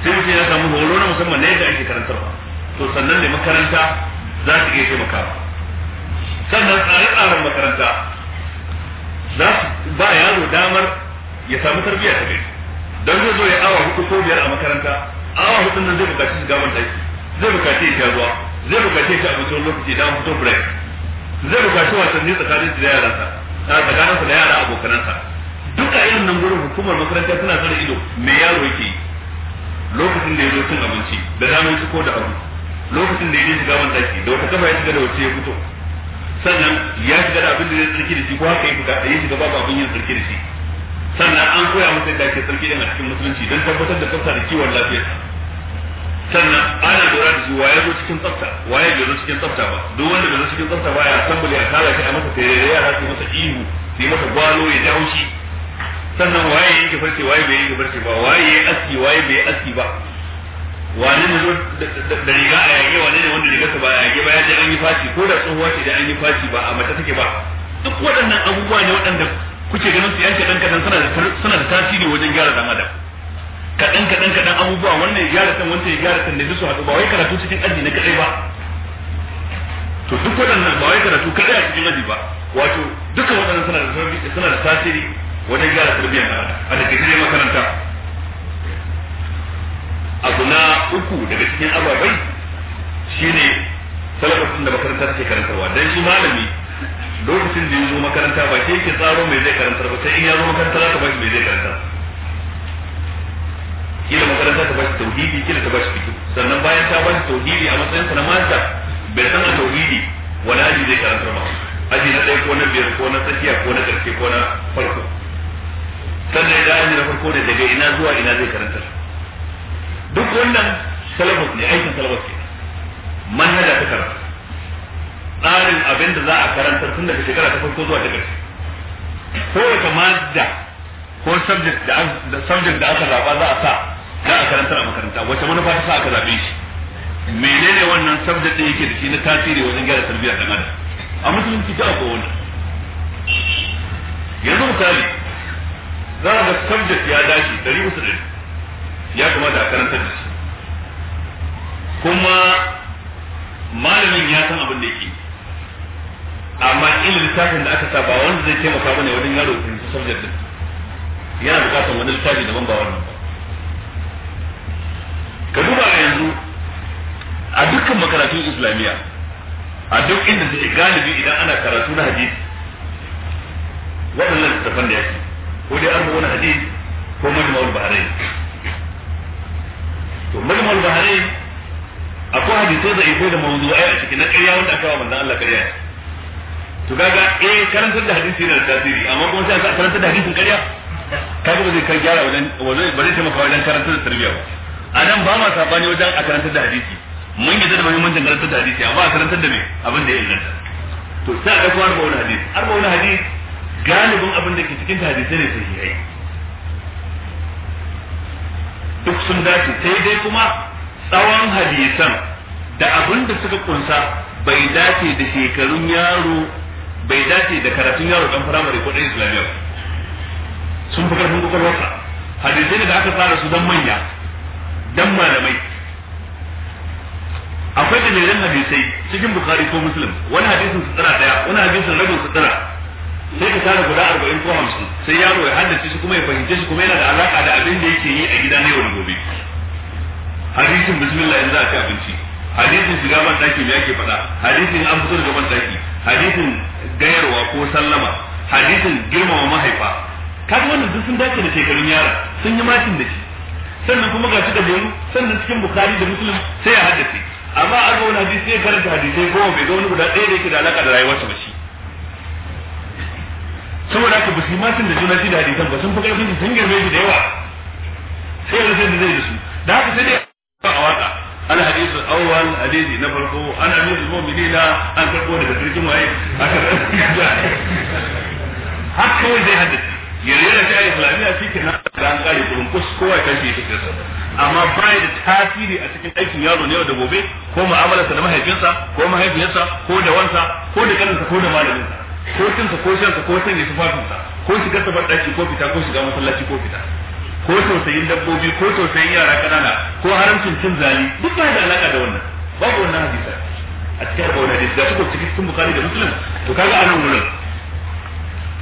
sai mutum ya samu horo na musamman na yadda ake karantarwa to sannan da makaranta za ta iya taimakawa sannan tsare-tsaren makaranta za su ba yaro damar ya samu tarbiyya ta gari don zai zo ya awa hudu ko biyar a makaranta awa hudu nan zai bukaci shiga gaban daki zai bukaci ya sha ruwa zai bukaci ya ci abincin lokaci da fito break zai bukaci wasanni tsakanin da tsakanin tsakaninsa da yara abokanansa duka irin nan gurin hukumar makaranta tana tsare ido me yaro yake yi lokacin da ya zo cin abinci da zamu ci ko da abu lokacin da ya je shiga bandaki da wata kafa ya shiga da wacce ya fito sannan ya shiga da abin da zai tsarki da shi ko haka ya fita ya shiga babu abin yin tsarki da shi sannan an koya masa yadda ake tsarki da a cikin musulunci don tabbatar da tsafta da kiwon lafiya sannan ana lura da shi waye zo cikin tsafta waye bai zo cikin tsafta ba duk wanda bai zo cikin tsafta ba ya tambale a kara shi a masa tare yara su masa ihu su yi masa gwalo ya jawo shi sannan waye yake farce waye bai yake farce ba waye yayi aski waye bai aski ba wani ne da riga a yage wani ne wanda rigarsa ba a yage ba ya je an yi faci ko da tsohuwa ce da an yi faci ba a mata take ba duk waɗannan abubuwa ne waɗanda kuke ganin su yanke ɗan kaɗan suna da tasiri wajen gyara dan adam kaɗan kaɗan kaɗan abubuwa wannan ya gyara kan wancan ya gyara kan da su haɗu ba wai karatu cikin aji na kaɗai ba to duk waɗannan ba wai karatu kadai a cikin aji ba wato duka waɗannan suna da tasiri wani gyara turbiyan da a da tafiye makaranta abu na uku daga cikin ababai shine talabacin da makaranta take karantarwa don shi malami lokacin da ya zo makaranta ba ke yake tsaro mai zai karantar ba sai in ya zo makaranta za ta bashi mai zai karantar kila makaranta ta bashi tauhidi kila ta bashi fikihu sannan bayan ta bashi tauhidi a matsayin sa na mata bai san a tauhidi wani aji zai karantar ba aji na ɗaya ko na biyar ko na tsakiya ko na ƙarshe ko na farko sannan ya aji na farko daga ina zuwa ina zai karanta duk wannan salafus ne aikin salafus ne manhaja ta karanta tsarin abin da za a karanta tun daga shekara ta farko zuwa ta ƙarshe kowace madda ko subject da aka zaba za a sa za a karanta a makaranta wacce manufa ta sa aka zabe shi menene wannan subject da yake da shi na tasiri wajen gyara tarbiyyar dan adam a musulunci ta ko wannan yanzu misali za ga subject ya dace dari usu dari ya kamata a karanta da shi kuma malamin ya san abin da yake amma ilin littafin da aka sa ba wanda zai taimaka bane wajen yaro fahimci subject din yana bukatar wani littafi daban ba wannan ka duba a yanzu a dukkan makarantun islamiyya a duk inda suke galibi idan ana karatu na hadisi waɗannan littafan da ya fi. ko dai an wani hadith ko majma'ul bahrain to majma'ul bahrain akwai hadisai da iko da mawdu'ai a cikin na ƙarya wanda aka wa manzon Allah ƙarya to kaga eh karantar da hadisi yana da tasiri amma kuma sai a karantar da hadisin ƙarya kaga ba zai kai gyara wajen wajen ba zai taimaka wajen karantar da tarbiyya ba a nan ba ma sabani wajen a karantar da hadisi mun yi da muhimmancin karantar da hadisi amma a karantar da me abin da ya inganta to sai a ɗauko arba wani hadisi arba wani hadisi galibin abin da ke cikin hadisai ne sahihai duk sun dace sai dai kuma tsawon hadisan da abin da suka kunsa bai dace da shekarun yaro bai dace da karatun yaro dan firamare ko dan islamiyya sun fi karfin kwakwalwarsa hadisai ne da aka tsara su dan manya dan malamai akwai dalilan hadisai cikin bukari ko muslim wani hadisin tsara daya wani hadisin rabin tsara sai ka tara guda arba'in ko hamsin sai yaro ya haddace shi kuma ya fahimce shi kuma yana da alaka da abin da yake yi a gida na yau da gobe hadisin bismillah yanzu a ci abinci hadisin shiga ban daki me yake faɗa hadisin an fito daga ban daki hadisin gayarwa ko sallama hadisin girmama mahaifa kaga wannan duk sun dace da shekarun yara sun yi makin da shi sannan kuma ga shi da jeru sannan cikin bukari da muslim sai ya haddace amma a ga wani hadisi sai karanta hadisai goma bai ga wani guda ɗaya da yake da alaka da rayuwarsa ba shi saboda haka ba su yi masin da juna shi da hadisan ba sun fi karfin su sun girme shi da yawa sai yanzu sai da zai da su da haka sai dai a waka الحديث الاول حديث نفرقه انا امير المؤمنين ان تقول لك a ايه haka kawai zai haddace yanzu yana shi a islamiyya shi ke na da an kare kurin kus kowa kan shi ya amma baya da tasiri a cikin aikin yaro ne yau da gobe ko ma'amalarsa da mahaifinsa ko mahaifiyarsa ko da wansa ko da kaninsa ko da malaminsa ko ka ko shansa ko sanya tufafinsa ko shiga sa daki ko fita ko shiga masallaci ko fita ko tausayin dabbobi ko tausayin yara kanana ko haramcin cin zali duk ba da alaka da wannan babu wannan hadisa a cikin abu wannan hadisa ga ko cikin bukari da muslim to kaga anan wurin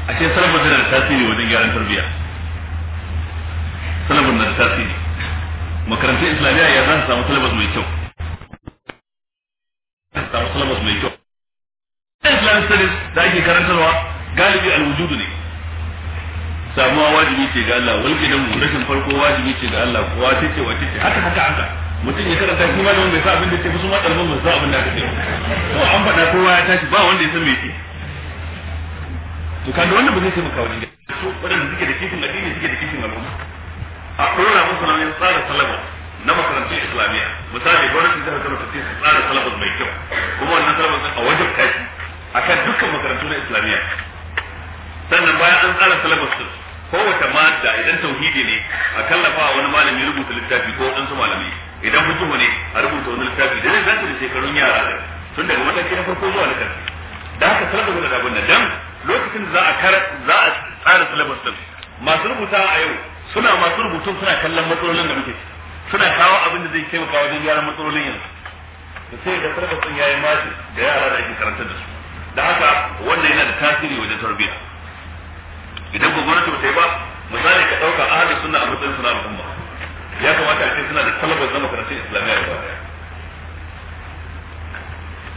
a ce salafin da tasiri wajen gyaran tarbiyya na da tasiri makarantar islamiyya ya za su samu salamun mai kyau samu salafin mai kyau Islam studies da ake karantarwa galibi alwujudu ne samuwa wajibi ce ga Allah wal mu rashin farko wajibi ce ga Allah kowa ce wace ce haka haka haka mutum ya karanta shi ma da ya sa abin da ce musu ma dalban ba sa abin da aka ce to an faɗa kowa ya tashi ba wanda ya san me ce to kaga wannan ba zai taimaka wajen su wadanda suke da kishin addini suke da kishin al'umma a ɗora musu nan tsara salama na makarantun islamiyya misali gwamnatin jihar kano ta ce tsara salama mai kyau kuma wannan salabar a wajen kashi akan dukkan makarantu na islamiyya sannan bayan an tsara syllabus din kowace mata idan tauhidi ne a kallafa wani malami rubuta littafi ko wadansu malami idan mutum ne a rubuta wani littafi da zai zanta da shekarun yara da tun daga mataki na farko zuwa na karfi da haka tsara da abin da dan lokacin da za a kar za a tsara syllabus din masu rubuta a yau suna masu rubutun suna kallon matsalolin da muke suna kawo abin da zai taimaka wajen gyaran matsalolin yanzu da sai da syllabus sun yayi mashi da yara da ake karanta da su da haka wannan yana da tasiri wajen tarbiyya idan ku gwamnati ba ta yi ba misali ka ɗauka ahalin suna a matsayin suna al'umma ya kamata a ce suna da talabar zama makarantun islamiyya da baya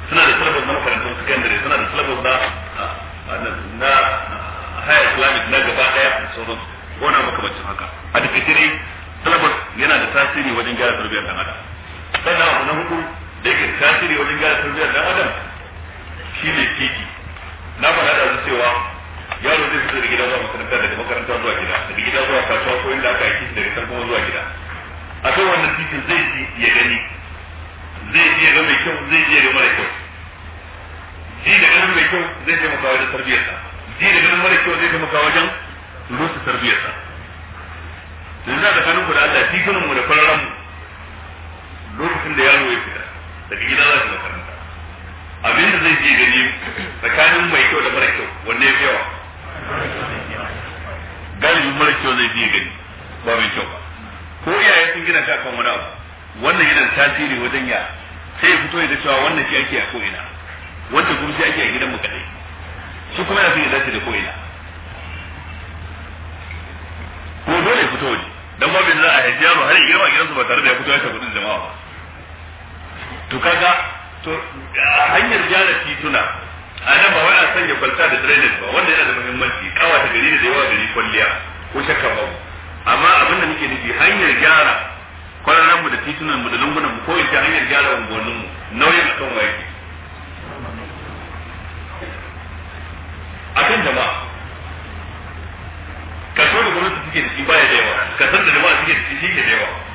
suna da talabar na makarantun sakandare suna da talabar na na haya islamic na gaba ɗaya da sauransu wani makamancin haka a duk fitiri talabar yana da tasiri wajen gyara tarbiyyar dan adam sannan abu na hudu da yake tasiri wajen gyara tarbiyyar dan adam ne titi na faɗa da cewa yaro zai fito da gida zuwa makaranta daga makaranta zuwa gida daga gida zuwa kasuwa ko inda aka yi daga kan kuma zuwa gida a kan wannan titi zai ji ya gani zai ji ya ga mai kyau zai ji ya ga mara kyau ji da ganin mai kyau zai taimaka wajen tarbiyyarsa ji da ganin mara kyau zai taimaka wajen rusa tarbiyyarsa yanzu a tsakanin ku da Allah titunan mu da fararen mu lokacin da yaro ya fita daga gida za su makaranta abinda zai ji gani tsakanin mai kyau da mara kyau wanne ya yawa galibin mara kyau zai ji gani ba mai kyau ba ko ya sun gina ta kan wani abu wannan yana tasiri wajen ya sai fito ya cewa wannan shi ake a ko'ina wanda kuma shi ake a gidan mu shi kuma yana son yi dace da ko'ina ko dole fito waje dan babin za a haifi yaro har ya girma gidansu ba tare da ya fito ya shafi jama'a ba to kaga to hanyar gyara tituna a nan ba wai a sanya kwalta da drainage ba wanda yana da muhimmanci kawa ta gari da yawa gari kwalliya ko shakka ba amma abin da nake nufi hanyar gyara kwararren mu da titunan mu da lungunan mu ko ita hanyar gyara unguwannin mu nauyin akan A akan jama'a kaso da gwamnati suke da shi baya da yawa kasar da jama'a suke da shi shi ke da yawa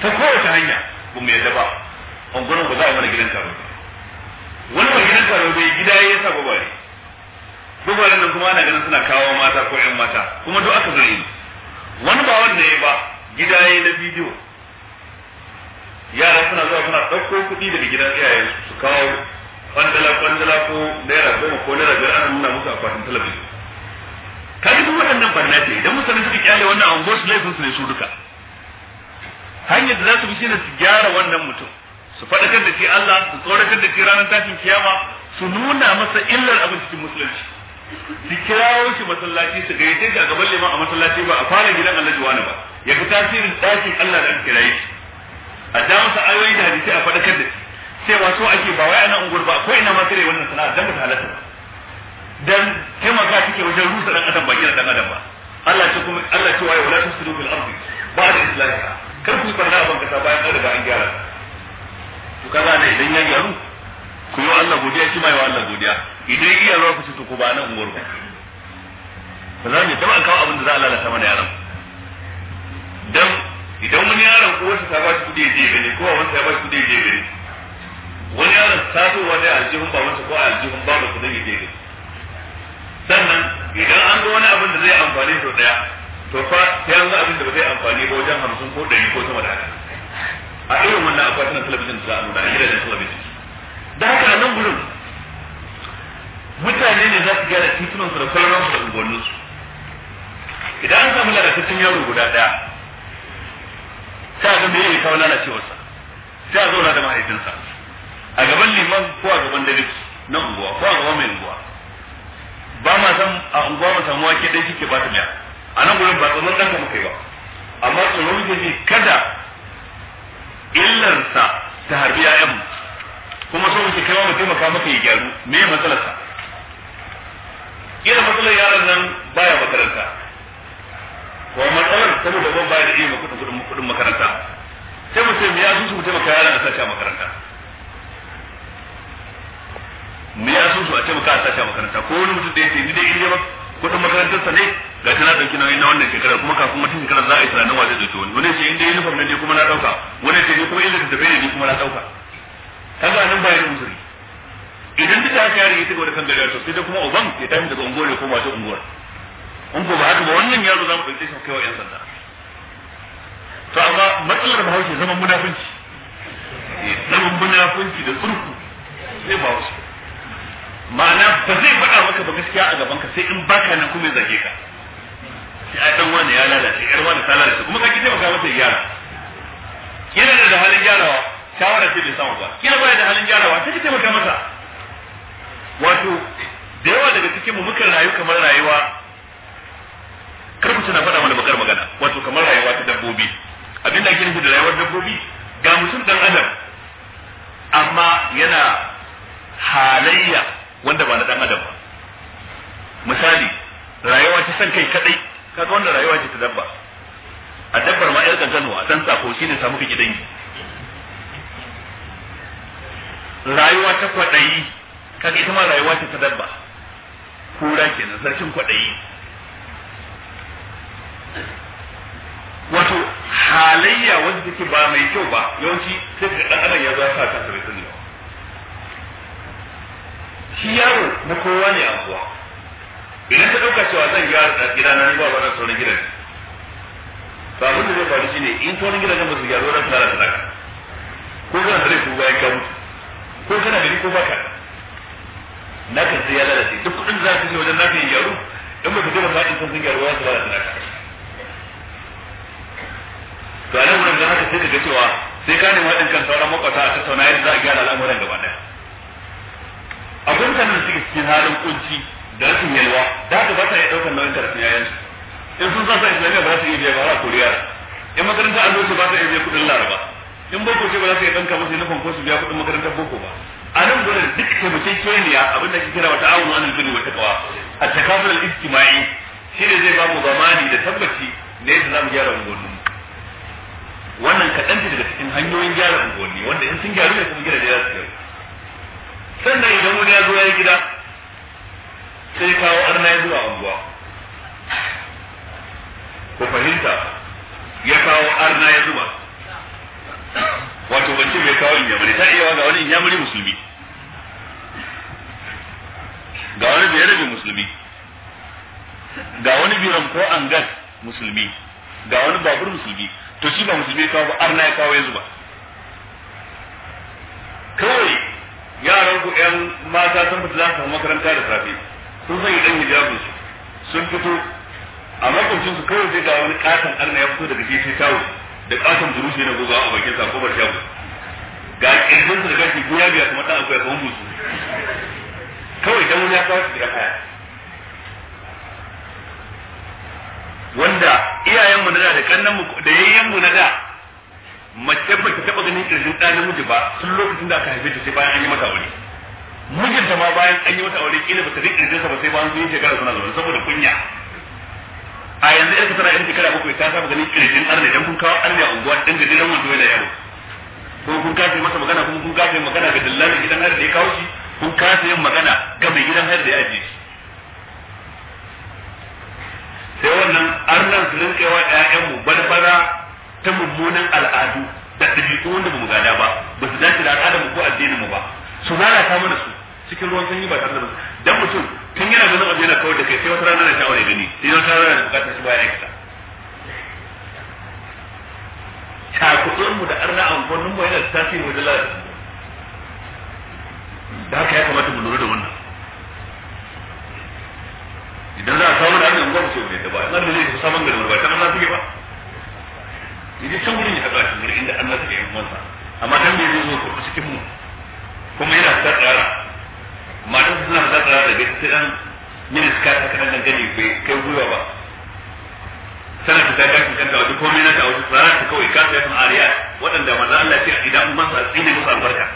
ta kowace hanya ba mu yadda ba unguwar ba za a yi mana gidan taro wani ba gidan taro bai gida ya sa gwagware gwagwaren nan kuma ana ganin suna kawo mata ko yan mata kuma duk aka zuri wani ba wanda ya ba gida ya yi na bidiyo yara suna zuwa suna ɗauko kuɗi daga gidan iyayen su kawo kwandala kwandala ko naira goma ko naira biyar ana nuna musu akwatin talabijin kaji duk waɗannan barna ce idan mutane suka kyale wannan anguwar su laifin su ne su duka hanyar da za su bi shine su gyara wannan mutum su faɗakar da shi Allah su tsoratar da shi ranar tashin kiyama su nuna masa illar abin cikin musulunci su kirawo shi masallaci su gayyace shi a gaban liman a masallaci ba a fara gidan Allah wani ba ya fi tasirin ɗakin Allah da ake rayu shi a da masa ayoyi da hadisi a faɗakar da shi sai so ake ba wai ana unguwar ba ko ina ma sai wannan sana'a dan ta halatta dan taimaka take wajen rusa dan adam ba kira dan adam ba Allah ce kuma Allah ce wai wala tusdu fil ardi ba da islahiha kar ku yi barna a ban kasa bayan an riga an gyara to kaza ne idan ya gyaru ku yi wa Allah godiya shi ma yi wa Allah godiya idan iya zuwa ku ci to ku ba nan unguwar ba ba za mu yi kawo abin da za a lalata mana yaran dan idan wani yaron ko wata ta ba shi kudi je gani ko wani ta ba shi kudi je gani wani yaron ta so wani aljihun ba wata ko aljihun ba ba kudin ya je gani sannan idan an ga wani abin da zai amfani sau daya to fa sai ga abin da ba zai amfani ba wajen hamsin ko ɗari ko sama da haka a irin wannan akwai akwatunan talabijin da za a nuna a gidajen talabijin da haka nan gudun mutane ne za su gyara su da su da unguwanninsu idan an samu lalatattun yaro guda ɗaya sai a ga me yake kawo lalacewarsa sai a zauna da mahaifinsa a gaban liman ko a gaban dalilci na unguwa ko a gaban mai unguwa ba ma san a unguwa mu samu wake dai ke ba ta biya a nan gurin ba tsoron ɗan muka yi ba amma tsoron da ne kada illarsa ta harbi ya'yan mu kuma so muke kaiwa mu taimaka maka ya gyaru me ya matsalarsa irin matsalar yaran nan baya makaranta ko matsalar saboda ban baya da iya ma kuɗin kuɗin makaranta sai mu ce mu ya su taimaka yaran a sace a makaranta mu ya su su a taimaka a sashi a makaranta ko wani mutum da ya ce ni dai in ba. kudin makarantar sa ne ga tana dauki nauyin na wannan shekara kuma kafin mutum shekara za a yi tunanin wa zai dauki wani wani ce inda uniform ne kuma na dauka wani ce ni kuma inda ta tafi ne kuma na dauka kaga nan ba ya da uzuri idan duka aka yaro ya tuka wani kan gari to sai da kuma uban ya tafi daga unguwar ko koma ta unguwar in ko ba haka ba wannan yaro za mu dauke shi kaiwa yan sanda to amma matsalar bahaushe zaman munafunci eh, zaman munafunci da tsurku sai ba wasu ma'ana ba zai faɗa maka ba gaskiya a gaban ka sai in baka nan kuma zage ka sai ai dan wani ya lalace yar wani ta lalace kuma ka kike maka masa yara yana da halin gyarawa shawara ce bai samu ba kina ba da halin gyarawa sai kike maka masa wato da yawa daga cikin mu muka rayu kamar rayuwa kar ku tana faɗa mana bakar magana wato kamar rayuwa ta dabbobi abinda ake nufi da rayuwar dabbobi ga mutum dan adam amma yana halayya wanda ba na dan adam ba misali rayuwa ta san kai kadai kaga wanda rayuwa ce ta dabba a dabbar ma yar a san sako shine samu gidan yi. rayuwa ta kwadayi kaga ita ma rayuwa ce ta dabba kura kenan sarkin kwadayi wato halayya wanda take ba mai kyau ba yawanci sai ka dan adam ya zo ya sa bai sani shi yaro na kowa ne a kuwa idan ta dauka cewa zan gyara gida na ba ba na sauran gidan ba abin da zai faru shine in sauran gidan ba su gyara wannan tsara talaka ko kana da ko bayan ka mutu ko kana gari ko baka na kan sai ya lalace duk kudin za su je wajen naka yin gyaro in ba ka je da faɗin sun gyaro ba su lalace naka to a nan wurin da haka sai ka ga cewa sai ka nemi haɗin kan sauran makwata a tattauna yadda za a gyara al'amuran gaba ɗaya akwai mutanen da suke cikin halin kunci da rashin yalwa da haka ba ta iya ɗaukar nauyin yayin yayansu in sun san islamiyya ba za su iya biya ba za koriya riya in makaranta an zoce ba za iya biya kuɗin laraba in boko ce ba za su iya ɗanka musu nufin ko su biya kuɗin makarantar boko ba a nan gudun duk taimakekeniya abin da ake kira wata awon wani gudu wata kawa a takafin al'ijtima'i shi ne zai bamu zamani da tabbaci ne yadda za mu gyara unguwanni wannan kaɗan daga cikin hanyoyin gyara unguwanni wanda in sun gyaru ne kuma gyara da ya su sannan idan wani ya zo ya yi gida sai kawo arna ya zuwa unguwa ku fahimta ya kawo arna ya zuwa wato ban ce mai kawo inyamuri ta iya ga wani inyamuri musulmi ga wani biyar rabi musulmi ga wani biyar ko angas musulmi ga wani babur musulmi to shi ba musulmi ya kawo ba arna ya kawo ya zuba kawai yaran ku ƴan mata sun fita za su makaranta da safe sun sanya ɗan hijabin su sun fito a makwabcin su kawai sai ga wani katon arna ya fito daga gefe tawo da katon burushi na gogawa a bakin sa kofar shago ga ƙirgin su da gashi guya biya kuma ɗan akwai kamar musu kawai dan wani ya kawo su da kaya. wanda iyayenmu na da da kannanmu da yayyenmu na da mace ba ta taba ganin kirjin ɗa namiji ba tun lokacin da aka haife ta sai bayan an yi mata aure mijinta ma bayan an yi mata aure kila ba ta rike kirjinsa ba sai bayan sun yi shekara suna zaune saboda kunya a yanzu yarka tana yan shekara bakwai ta saba ganin kirjin ɗan ne dan kun kawo ɗan a unguwa ɗan gajeren nan wanda yana yawo ko kun kasa masa magana kuma kun kasa magana ga dillalin gidan har da ya kawo shi kun kasa yin magana ga mai gidan har da ya ajiye shi sai wannan arnan su rinka ƴaƴanmu barbara ta mummunan al'adu da ɗabi'u wanda ba mu gada ba ba su dace da al'adar mu ko addinin mu ba su lalata mana su cikin ruwan sanyi ba tare da dan mutum tun yana ganin abu yana kawar da kai sai wata rana na sha'awar gani sai wata rana na bukatar shi baya aikata cakuɗin mu da arna amfanin mu yana da tasiri wajen lalata da haka ya kamata mu lura da wannan idan za a samu da arna unguwar mu ce bai da ba in da zai samu garin ba ta nan na suke ba idan can gurin ya haɗu a cikin inda Allah ta yin wansa amma dan bai zo ko cikin mu kuma yana ta tsara matan suna da tsara da gaske dan yin iska ta kadan nan gani bai kai gwiwa ba sana ta ta kan kanta wajen komai na ta wajen tsara ta kawai ka sai sun ariya waɗanda manzo Allah ya ce idan umansa tsine musu albarka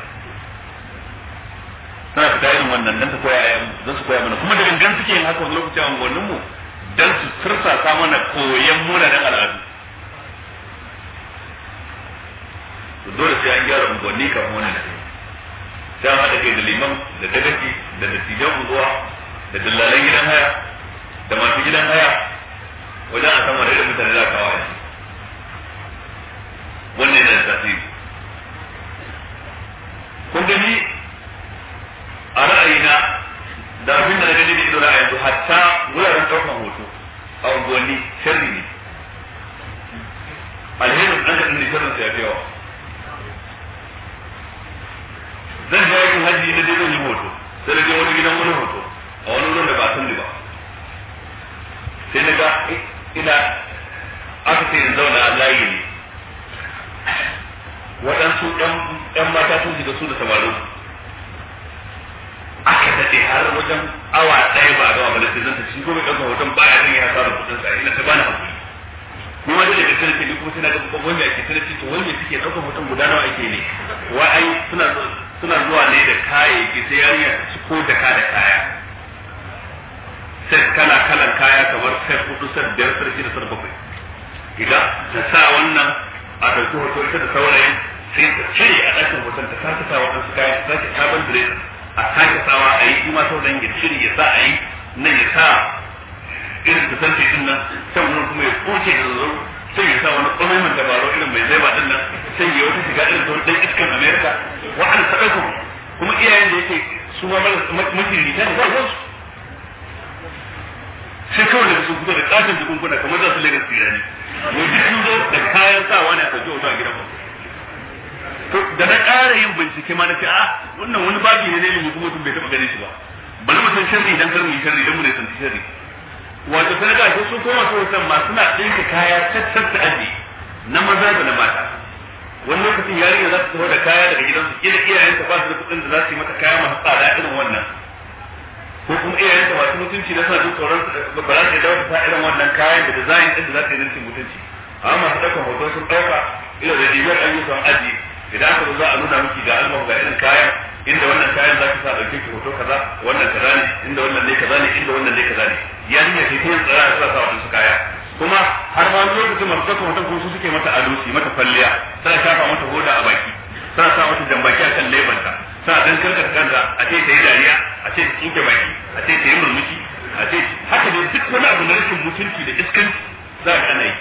sana ta irin wannan dan ta koya dan su koya mana kuma da gangan suke yin haka wani lokaci a unguwannin mu dan su tursa mana koyan munanan al'adu to dole sai an gyara unguwanni wani na da an haɗa kai da liman da dagaci da dattijan unguwa da dillalan gidan haya da masu gidan haya wajen a sama da irin mutane za ka yanzu wannan yana da tasiri kun gani a ra'ayina da abin da na gani da ido na yanzu hatta wuraren ɗaukan hoto a unguwanni sharri ne alherin ɗan da ɗan da sharrin sa ya fi yawa zan je yin haji na dai zan yi hoto sai da je wani gidan wani hoto a wani wurin da ba san ni ba sai na ga ina aka ce in zauna a layi ne waɗansu ɗan mata sun shiga su da samarin aka daɗe har wajen awa ɗaya ba a gama bane sai zan ta shi gobe ɗaukar hoton baya zan yi hasarar kuɗin sa ina ta bani hakuri ni wani da cikin ke ni kuma sai na ga wanda ake tare to wanda suke ɗaukar hoton guda nawa ake ne wa ai suna suna zuwa ne da kayayyaki sai yarinya ta ko da ka da kaya sai kala kalan kaya kamar sai hudu sai biyar sai shida sai bakwai idan ta sa wannan a ɗauki hoto ita da saurayin sai ta cire a ɗakin hoton ta sake sa waɗansu kaya ta sake sabon direta a sake sawa a yi kuma saurayin ya cire ya sa a yi nan ya sa irin da sarki din nan can wurin kuma ya koce da zo sai ya sa wani tsohon dabaru irin mai zai din nan sai ya wata shiga irin tsohon dan iskan america wa'an sadaku kuma iyayen da yake su ma makirita ne zai wasu sai kawai da su fito da katin bukunkuna kamar za su lagos tirani wani sun zo da kayan sawa ne a sauke wasu a gidan ba da na ƙara yin bincike ma na ce a ah, wannan wani babi ne ne ilimin kuma mutum bai taɓa ganin shi ba bari mu san sharri dan kar shirri yi dan mu ne san shirri wato sai ga shi su kuma su san ma suna dinka kaya tattar da aji na maza da na mata wani lokacin yarinya za su taho da kaya daga gidansu kila iyayenta ba su da kuɗin da za su yi mata kaya masu tsada irin wannan ko kuma iyayenta masu mutunci na suna jin tsoron ba za su yi dawo ta irin wannan kayan da design ɗin da za su yi nan mutunci amma masu ɗaukar hoton sun ɗauka ila da rigar ayyukan aji idan aka zo za a nuna miki ga almahu ga irin kayan inda wannan kayan za ka sa ɗauke ki hoto kaza wannan kaza ne inda wannan ne kaza ne inda wannan ne kaza ne yarinya ce ta tsara ya sa su kaya kuma har ma wani lokacin masu saka wata kuma su suke mata alusi mata kwalliya suna shafa mata hoda a baki suna sa mata jambaki a kan lebanta sai dan karkar kanta a ce ta yi dariya a ce ta tsinke baki a ce ta yi murmushi a ce haka ne duk wani abu na mutunci da iskanci za a kana yi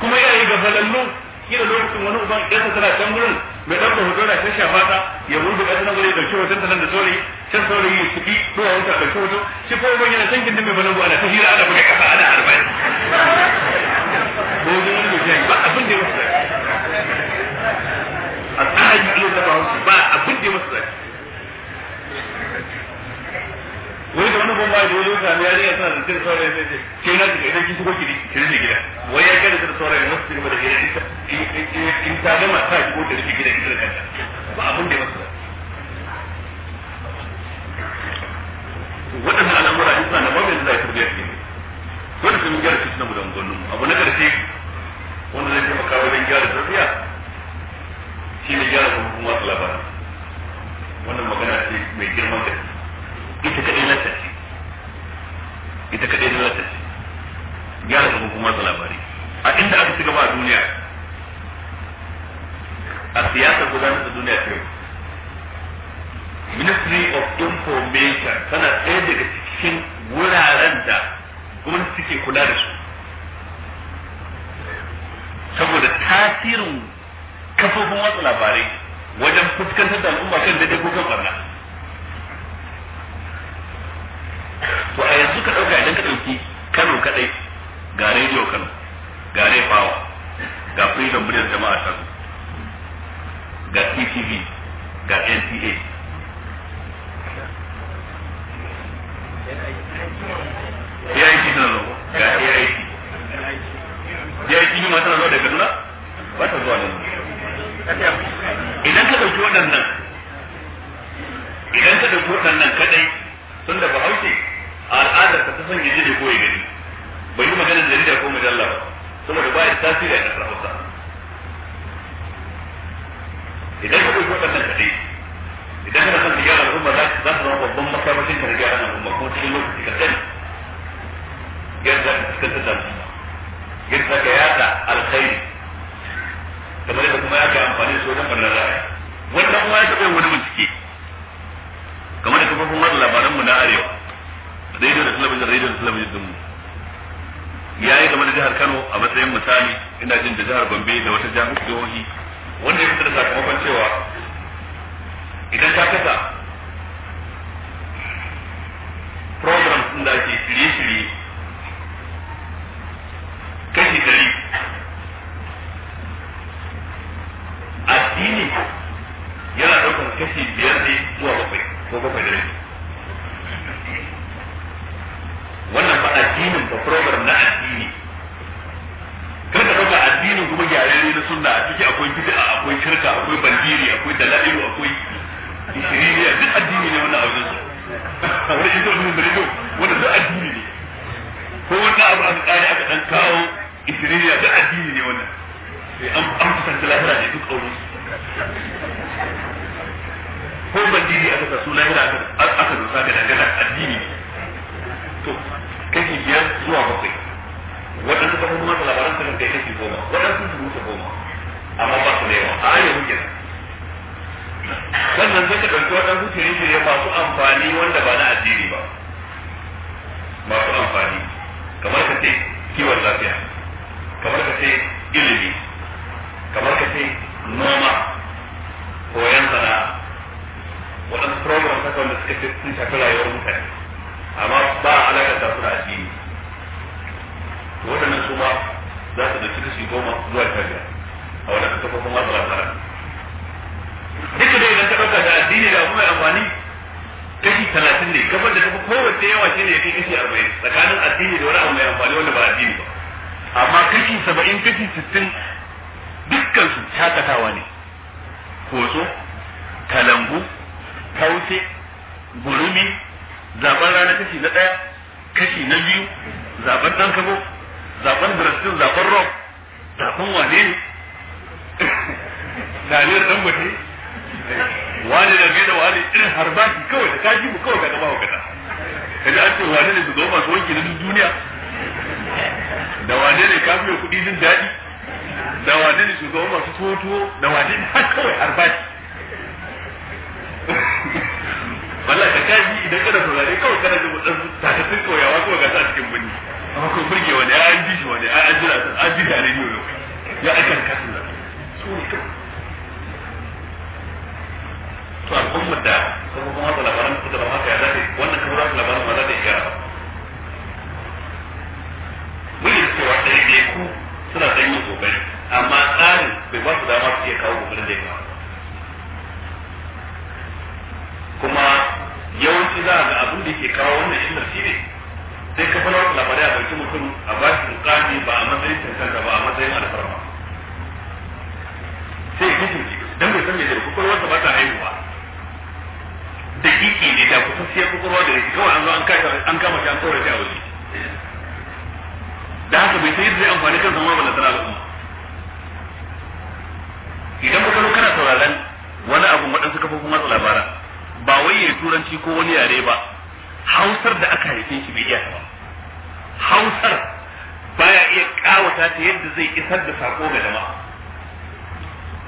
kuma iyaye ga falallu kila lokacin wani uban ɗansa tana can gurin mai da hoto na shan shafa ta ya murdu ƙasa na gurin ɗauki hoton ta nan da tsori can yi su fi ɗuwa wuta ɗauki hoto shi ko uban yana can gindin mai balangu ana ta hira ana buga ƙasa ana arba'in wani mai jayi ba abin da ya zai a tsarin iya zaba ba abin da ya zai da wani bomba da wani ya riga da sai ce ke na idan ne gida wai ya kai da wasu da gida in ta gama ta shi ko da rufe gidan ita da kanta ba abin da ya masa waɗannan al'amura in suna babu yadda za a yi turbiya ke dole sai mun gyara shi na mudan gwanin abu na ƙarshe wanda zai taimaka wajen gyara turbiya shi ne gyara kuma kuma wasu labarai wannan magana ce mai girman gaske ita kaɗai lantarki ita kaɗai na lantarki gyara kuma kuma wasu labarai a inda aka ci gaba a duniya a siyasar gudanar da duniya ta ministry of information tana ɗaya daga cikin wuraren da gwamnati suke kula da su saboda tasirin kafofin watsa labarai wajen fuskantar da al'umma kan daidai ko kan barna to a yanzu ka ɗauka idan ka ɗauki kano kaɗai ga rediyo kano ga refawa ga freedom bridge jama'a ta ga TTV ga NTA AIT tana zuwa ga AIT AIT ne ma tana zuwa da Kaduna ba ta zuwa da idan ka ɗauki waɗannan idan ka ɗauki waɗannan kadai tun da bahaushe a al'adar ka ta son ya ji da ko ya gani bai yi maganar jarida ko mujalla ba saboda ba ya tasiri a ƙasar Hausa idan ka ɗauki waɗannan kaɗai idan kana son gyara al'umma za ka zama babban makamashin ka na gyara al'umma ko cikin lokaci ka sani yadda za ka fuskantar da al'umma yadda ka yada alkhairi kamar yadda kuma ya ka amfani da sojan ɓarnar ra'ayi wannan kuma ya taɓa yin wani bincike kamar da kafofin labaran mu na arewa radio da talabijin radio da talabijin dinmu ya yi game da jihar Kano a matsayin misali ina jin da jihar Gombe da wata jihar jihohi wanda ya fitar da wane ne zo masu wanki na duniya da wane ne kafin kuɗi jin daɗi da wane ne su zo masu toto da wane ne har kawai arbaci wala ka kaji idan kana zare kawai kana jin wadansu takattun kauyawa kuma ga a cikin birni amma ko burge wani ya an ji shi wani an jira ji tare ne yau ya aikata kasin da su ne kawai to al'ummar da kafofin watsa labaran suka zama haka ya zafi wannan kafofin watsa labaran ma za ta iya cewa suna ɗan yin kokari amma tsarin bai ba su dama su iya kawo kokarin da ya kawo kuma yawanci za a ga abin da ke kawo wannan illar shi ne sai ka fara wata labarai a ɗauki mutum a ba shi mukami ba a matsayin ba a matsayin alfarma sai ya kishin dan bai san me zai kwakwalwarsa ba ta haihuwa da kiki ne da kusa sai kukurwa da shi kawai an zo an kashe an kama shi an tsora shi a waje da haka bai sai zai amfani kan zama ba lasana al'umma idan ka kana sauraron wani abu waɗansu kafofin watsa labaran ba wai ya turanci ko wani yare ba hausar da aka haife shi bai iya ba hausar baya iya kawata ta yadda zai isar da sako ga jama'a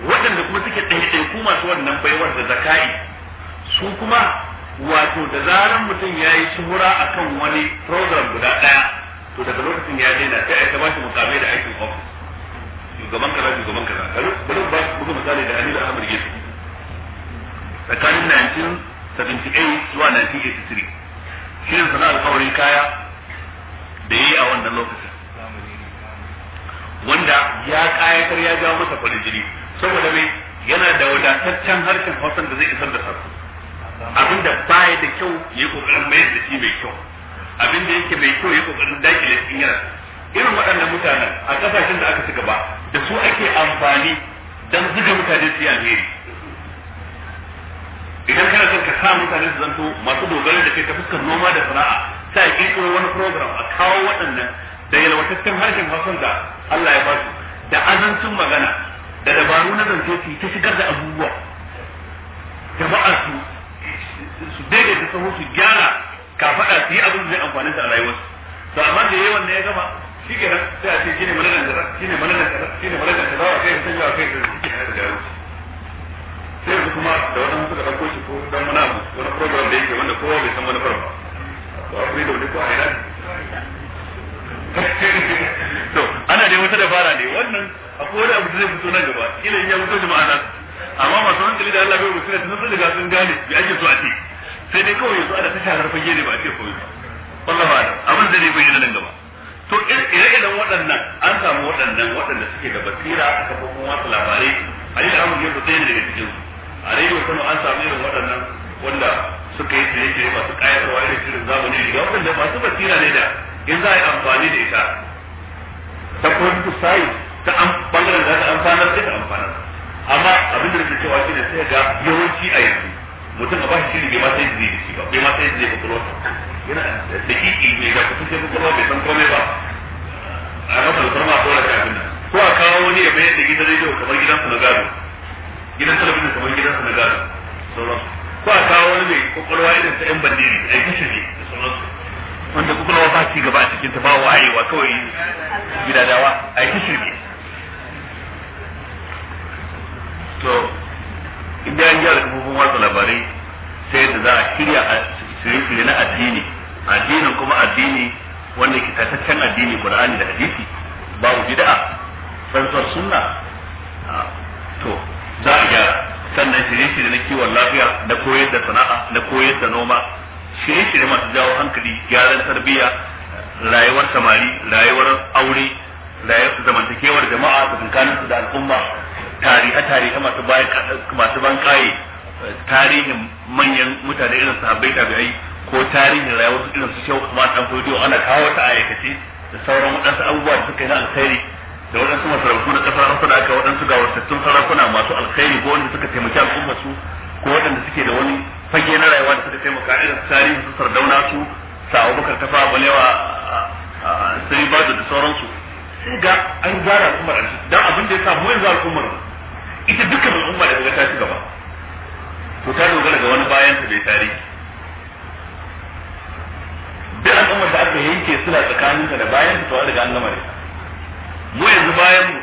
waɗanda kuma suke ɗaiɗaiku masu wannan baiwar da zakai su kuma wato da zaran mutum ya yi shuhura akan wani program guda ɗaya to daga lokacin ya daina sai a ta bashi mukamai da aikin ofis shugaban kaza shugaban kaza bari ba su buga misali da Aminu Ahmad Gesu tsakanin 1978 zuwa 1983 shi ne sana'ar alƙawarin kaya da ya yi a wannan lokacin wanda ya kayatar ya jawo masa farin jini saboda mai yana da wadataccen harshen hausan da zai isar da sarki abin da baya da kyau ya kokarin mai da shi mai kyau abin da yake mai kyau ya kokarin dakile cikin yana irin waɗannan mutanen a kasashen da aka ci gaba da su ake amfani don zuga mutane su yi alheri idan kana son ka sa mutane su zanto masu dogara da kai ta fuskar noma da sana'a sai a kirkiro wani program a kawo waɗannan da yalwataccen harshen hausan da Allah ya ba su da azancin magana da dabaru na zance su ta shigar da abubuwa jama'a su su daidaita sahu su gyara kafada su yi abin da zai amfani da su to amma da yawan ne ya gama shi ke nan sai a ce shine ne malalan kaza shi da malalan kaza shi ne malalan kaza wa kai sun yawa kai da shi ke da yaro sai yanzu kuma da wani suka ɗauko shi ko dan wani mu wani program da yake wanda kowa bai san wani farko to a kuri da wani ko a ina to ana dai wata dabara ne wannan akwai wani abu da zai fito nan gaba kila in ya fito jama'a nan amma masu hankali da Allah bai rubuta sun riga sun gane bi ake so a ce sai dai kawai yanzu ana ta shahar fage ne ba a ce koyi ba wallah ba abin zai bayyana nan gaba to ire-iren waɗannan an samu waɗannan waɗanda suke da basira a kuma wasu labarai a yi da amurka sai ne daga cikin a rayuwa sama an samu irin waɗannan wanda suka yi tsaye tsaye masu ƙayarwa irin shirin zamani ga waɗanda masu basira ne da in za a yi amfani da ita ta political sai ta bangaren za ta amfanar sai ta amfanar amma abin da ke cewa shi ne sai ga yawanci a yanzu mutum a bashi shirin bai ma sai zai shi ba bai ma sai zai kokoro yana da kiki mai ga kusa sai kokoro bai san komai ba a masa alfarma ko da kafin ko a kawo wani ya bayar da gidan rediyo kamar gidan su na gado gidan talabijin kamar gidan su na gado sauransu ko a kawo wani mai kwakwalwa irin ta yan bandiri a yi kashe da sauransu wanda kokorwa ba ci gaba a cikin ta ba wayewa kawai gidadawa a yi kashe so. in da gyara kafofin watsa labarai ta yadda za a shirya a shirye na addini addinin kuma addini wanda ke tataccen addini qur'ani da hadisi babu bid'a tsantsar sunna to za a gyara sannan shirye-shirye na kiwon lafiya na koyar da sana'a na koyar da noma shirye-shirye masu jawo hankali gyaran tarbiyya rayuwar samari rayuwar aure zamantakewar jama'a da tsakaninsu da al'umma tarihe-tarihe masu bayan masu ban kaye tarihin manyan mutane irin sahabbai tabi'ai ko tarihin rayuwar irin su shehu an dan fodiyo ana kawo ta aikace da sauran waɗansu abubuwa da suka yi na alkhairi da waɗansu masarautu na ƙasar Hausa da aka waɗansu wasattun sarakuna masu alkhairi ko wanda suka taimaki al'umma su ko waɗanda suke da wani fage na rayuwa da suka taimaka irin tarihin su sardauna su sa'o bakar kafa balewa sai ba da sauransu sai ga an gyara al'ummar dan abin da ya sa mu yanzu al'ummar ita dukkan al'umma da kaga ta ci gaba to ta dogara ga wani bayan ta bai tarihi duk al'ummar da aka yanke suna tsakaninta da bayan ta to an riga an gama da mu yanzu bayan mu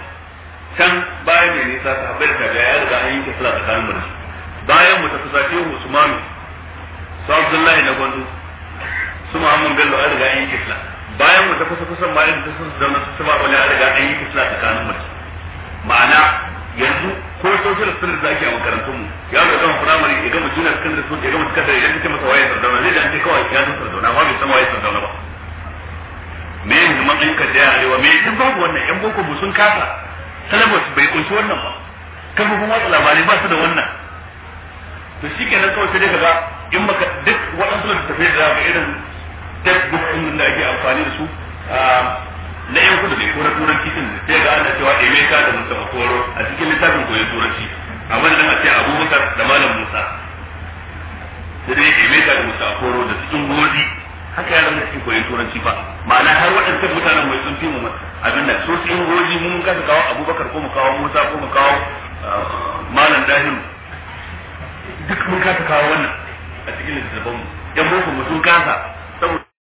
can bayan mai nisa ta haɓar ta ga ya daga an yanke suna tsakanin mu da su bayan mu ta kusa ce Usmanu su Abdullahi na Gwandu su muhammadu Bello an riga an yanke suna bayan mu ta kusa kusan bayan ta sun zama su ba wani an riga an yanke suna tsakanin mu ma'ana yanzu ko social studies da ake a makarantun mu ya ga gama firamare ya gama junior secondary school ya gama secondary ya kace masa waye sardauna zai da an ce kawai ya san sardauna ba bai san waye sardauna ba me yanzu man ka da ya arewa me yin babu wannan yan boko mu sun kasa syllabus bai kunshi wannan ba kafofin watsa labarai ba su da wannan to shi ke nan kawai sai dai kaga in ka duk waɗansu da tafiya da irin textbook ɗin da ake amfani da su ah, na yan kudu ne ko na turanci din sai ga ana cewa emeka da musa koro a cikin littafin koyon turanci a wannan a ce Bakar da malam musa sai dai emeka da musa koro da cikin godi haka ya da cikin koyon turanci ba ma'ana har waɗancan mutanen mai sun fi mu abin da so cikin godi mun kasa kawo abubakar ko mu kawo musa ko mu kawo uh, malam dahim duk mun kasa kawo wannan a cikin mu yan boko mu sun kasa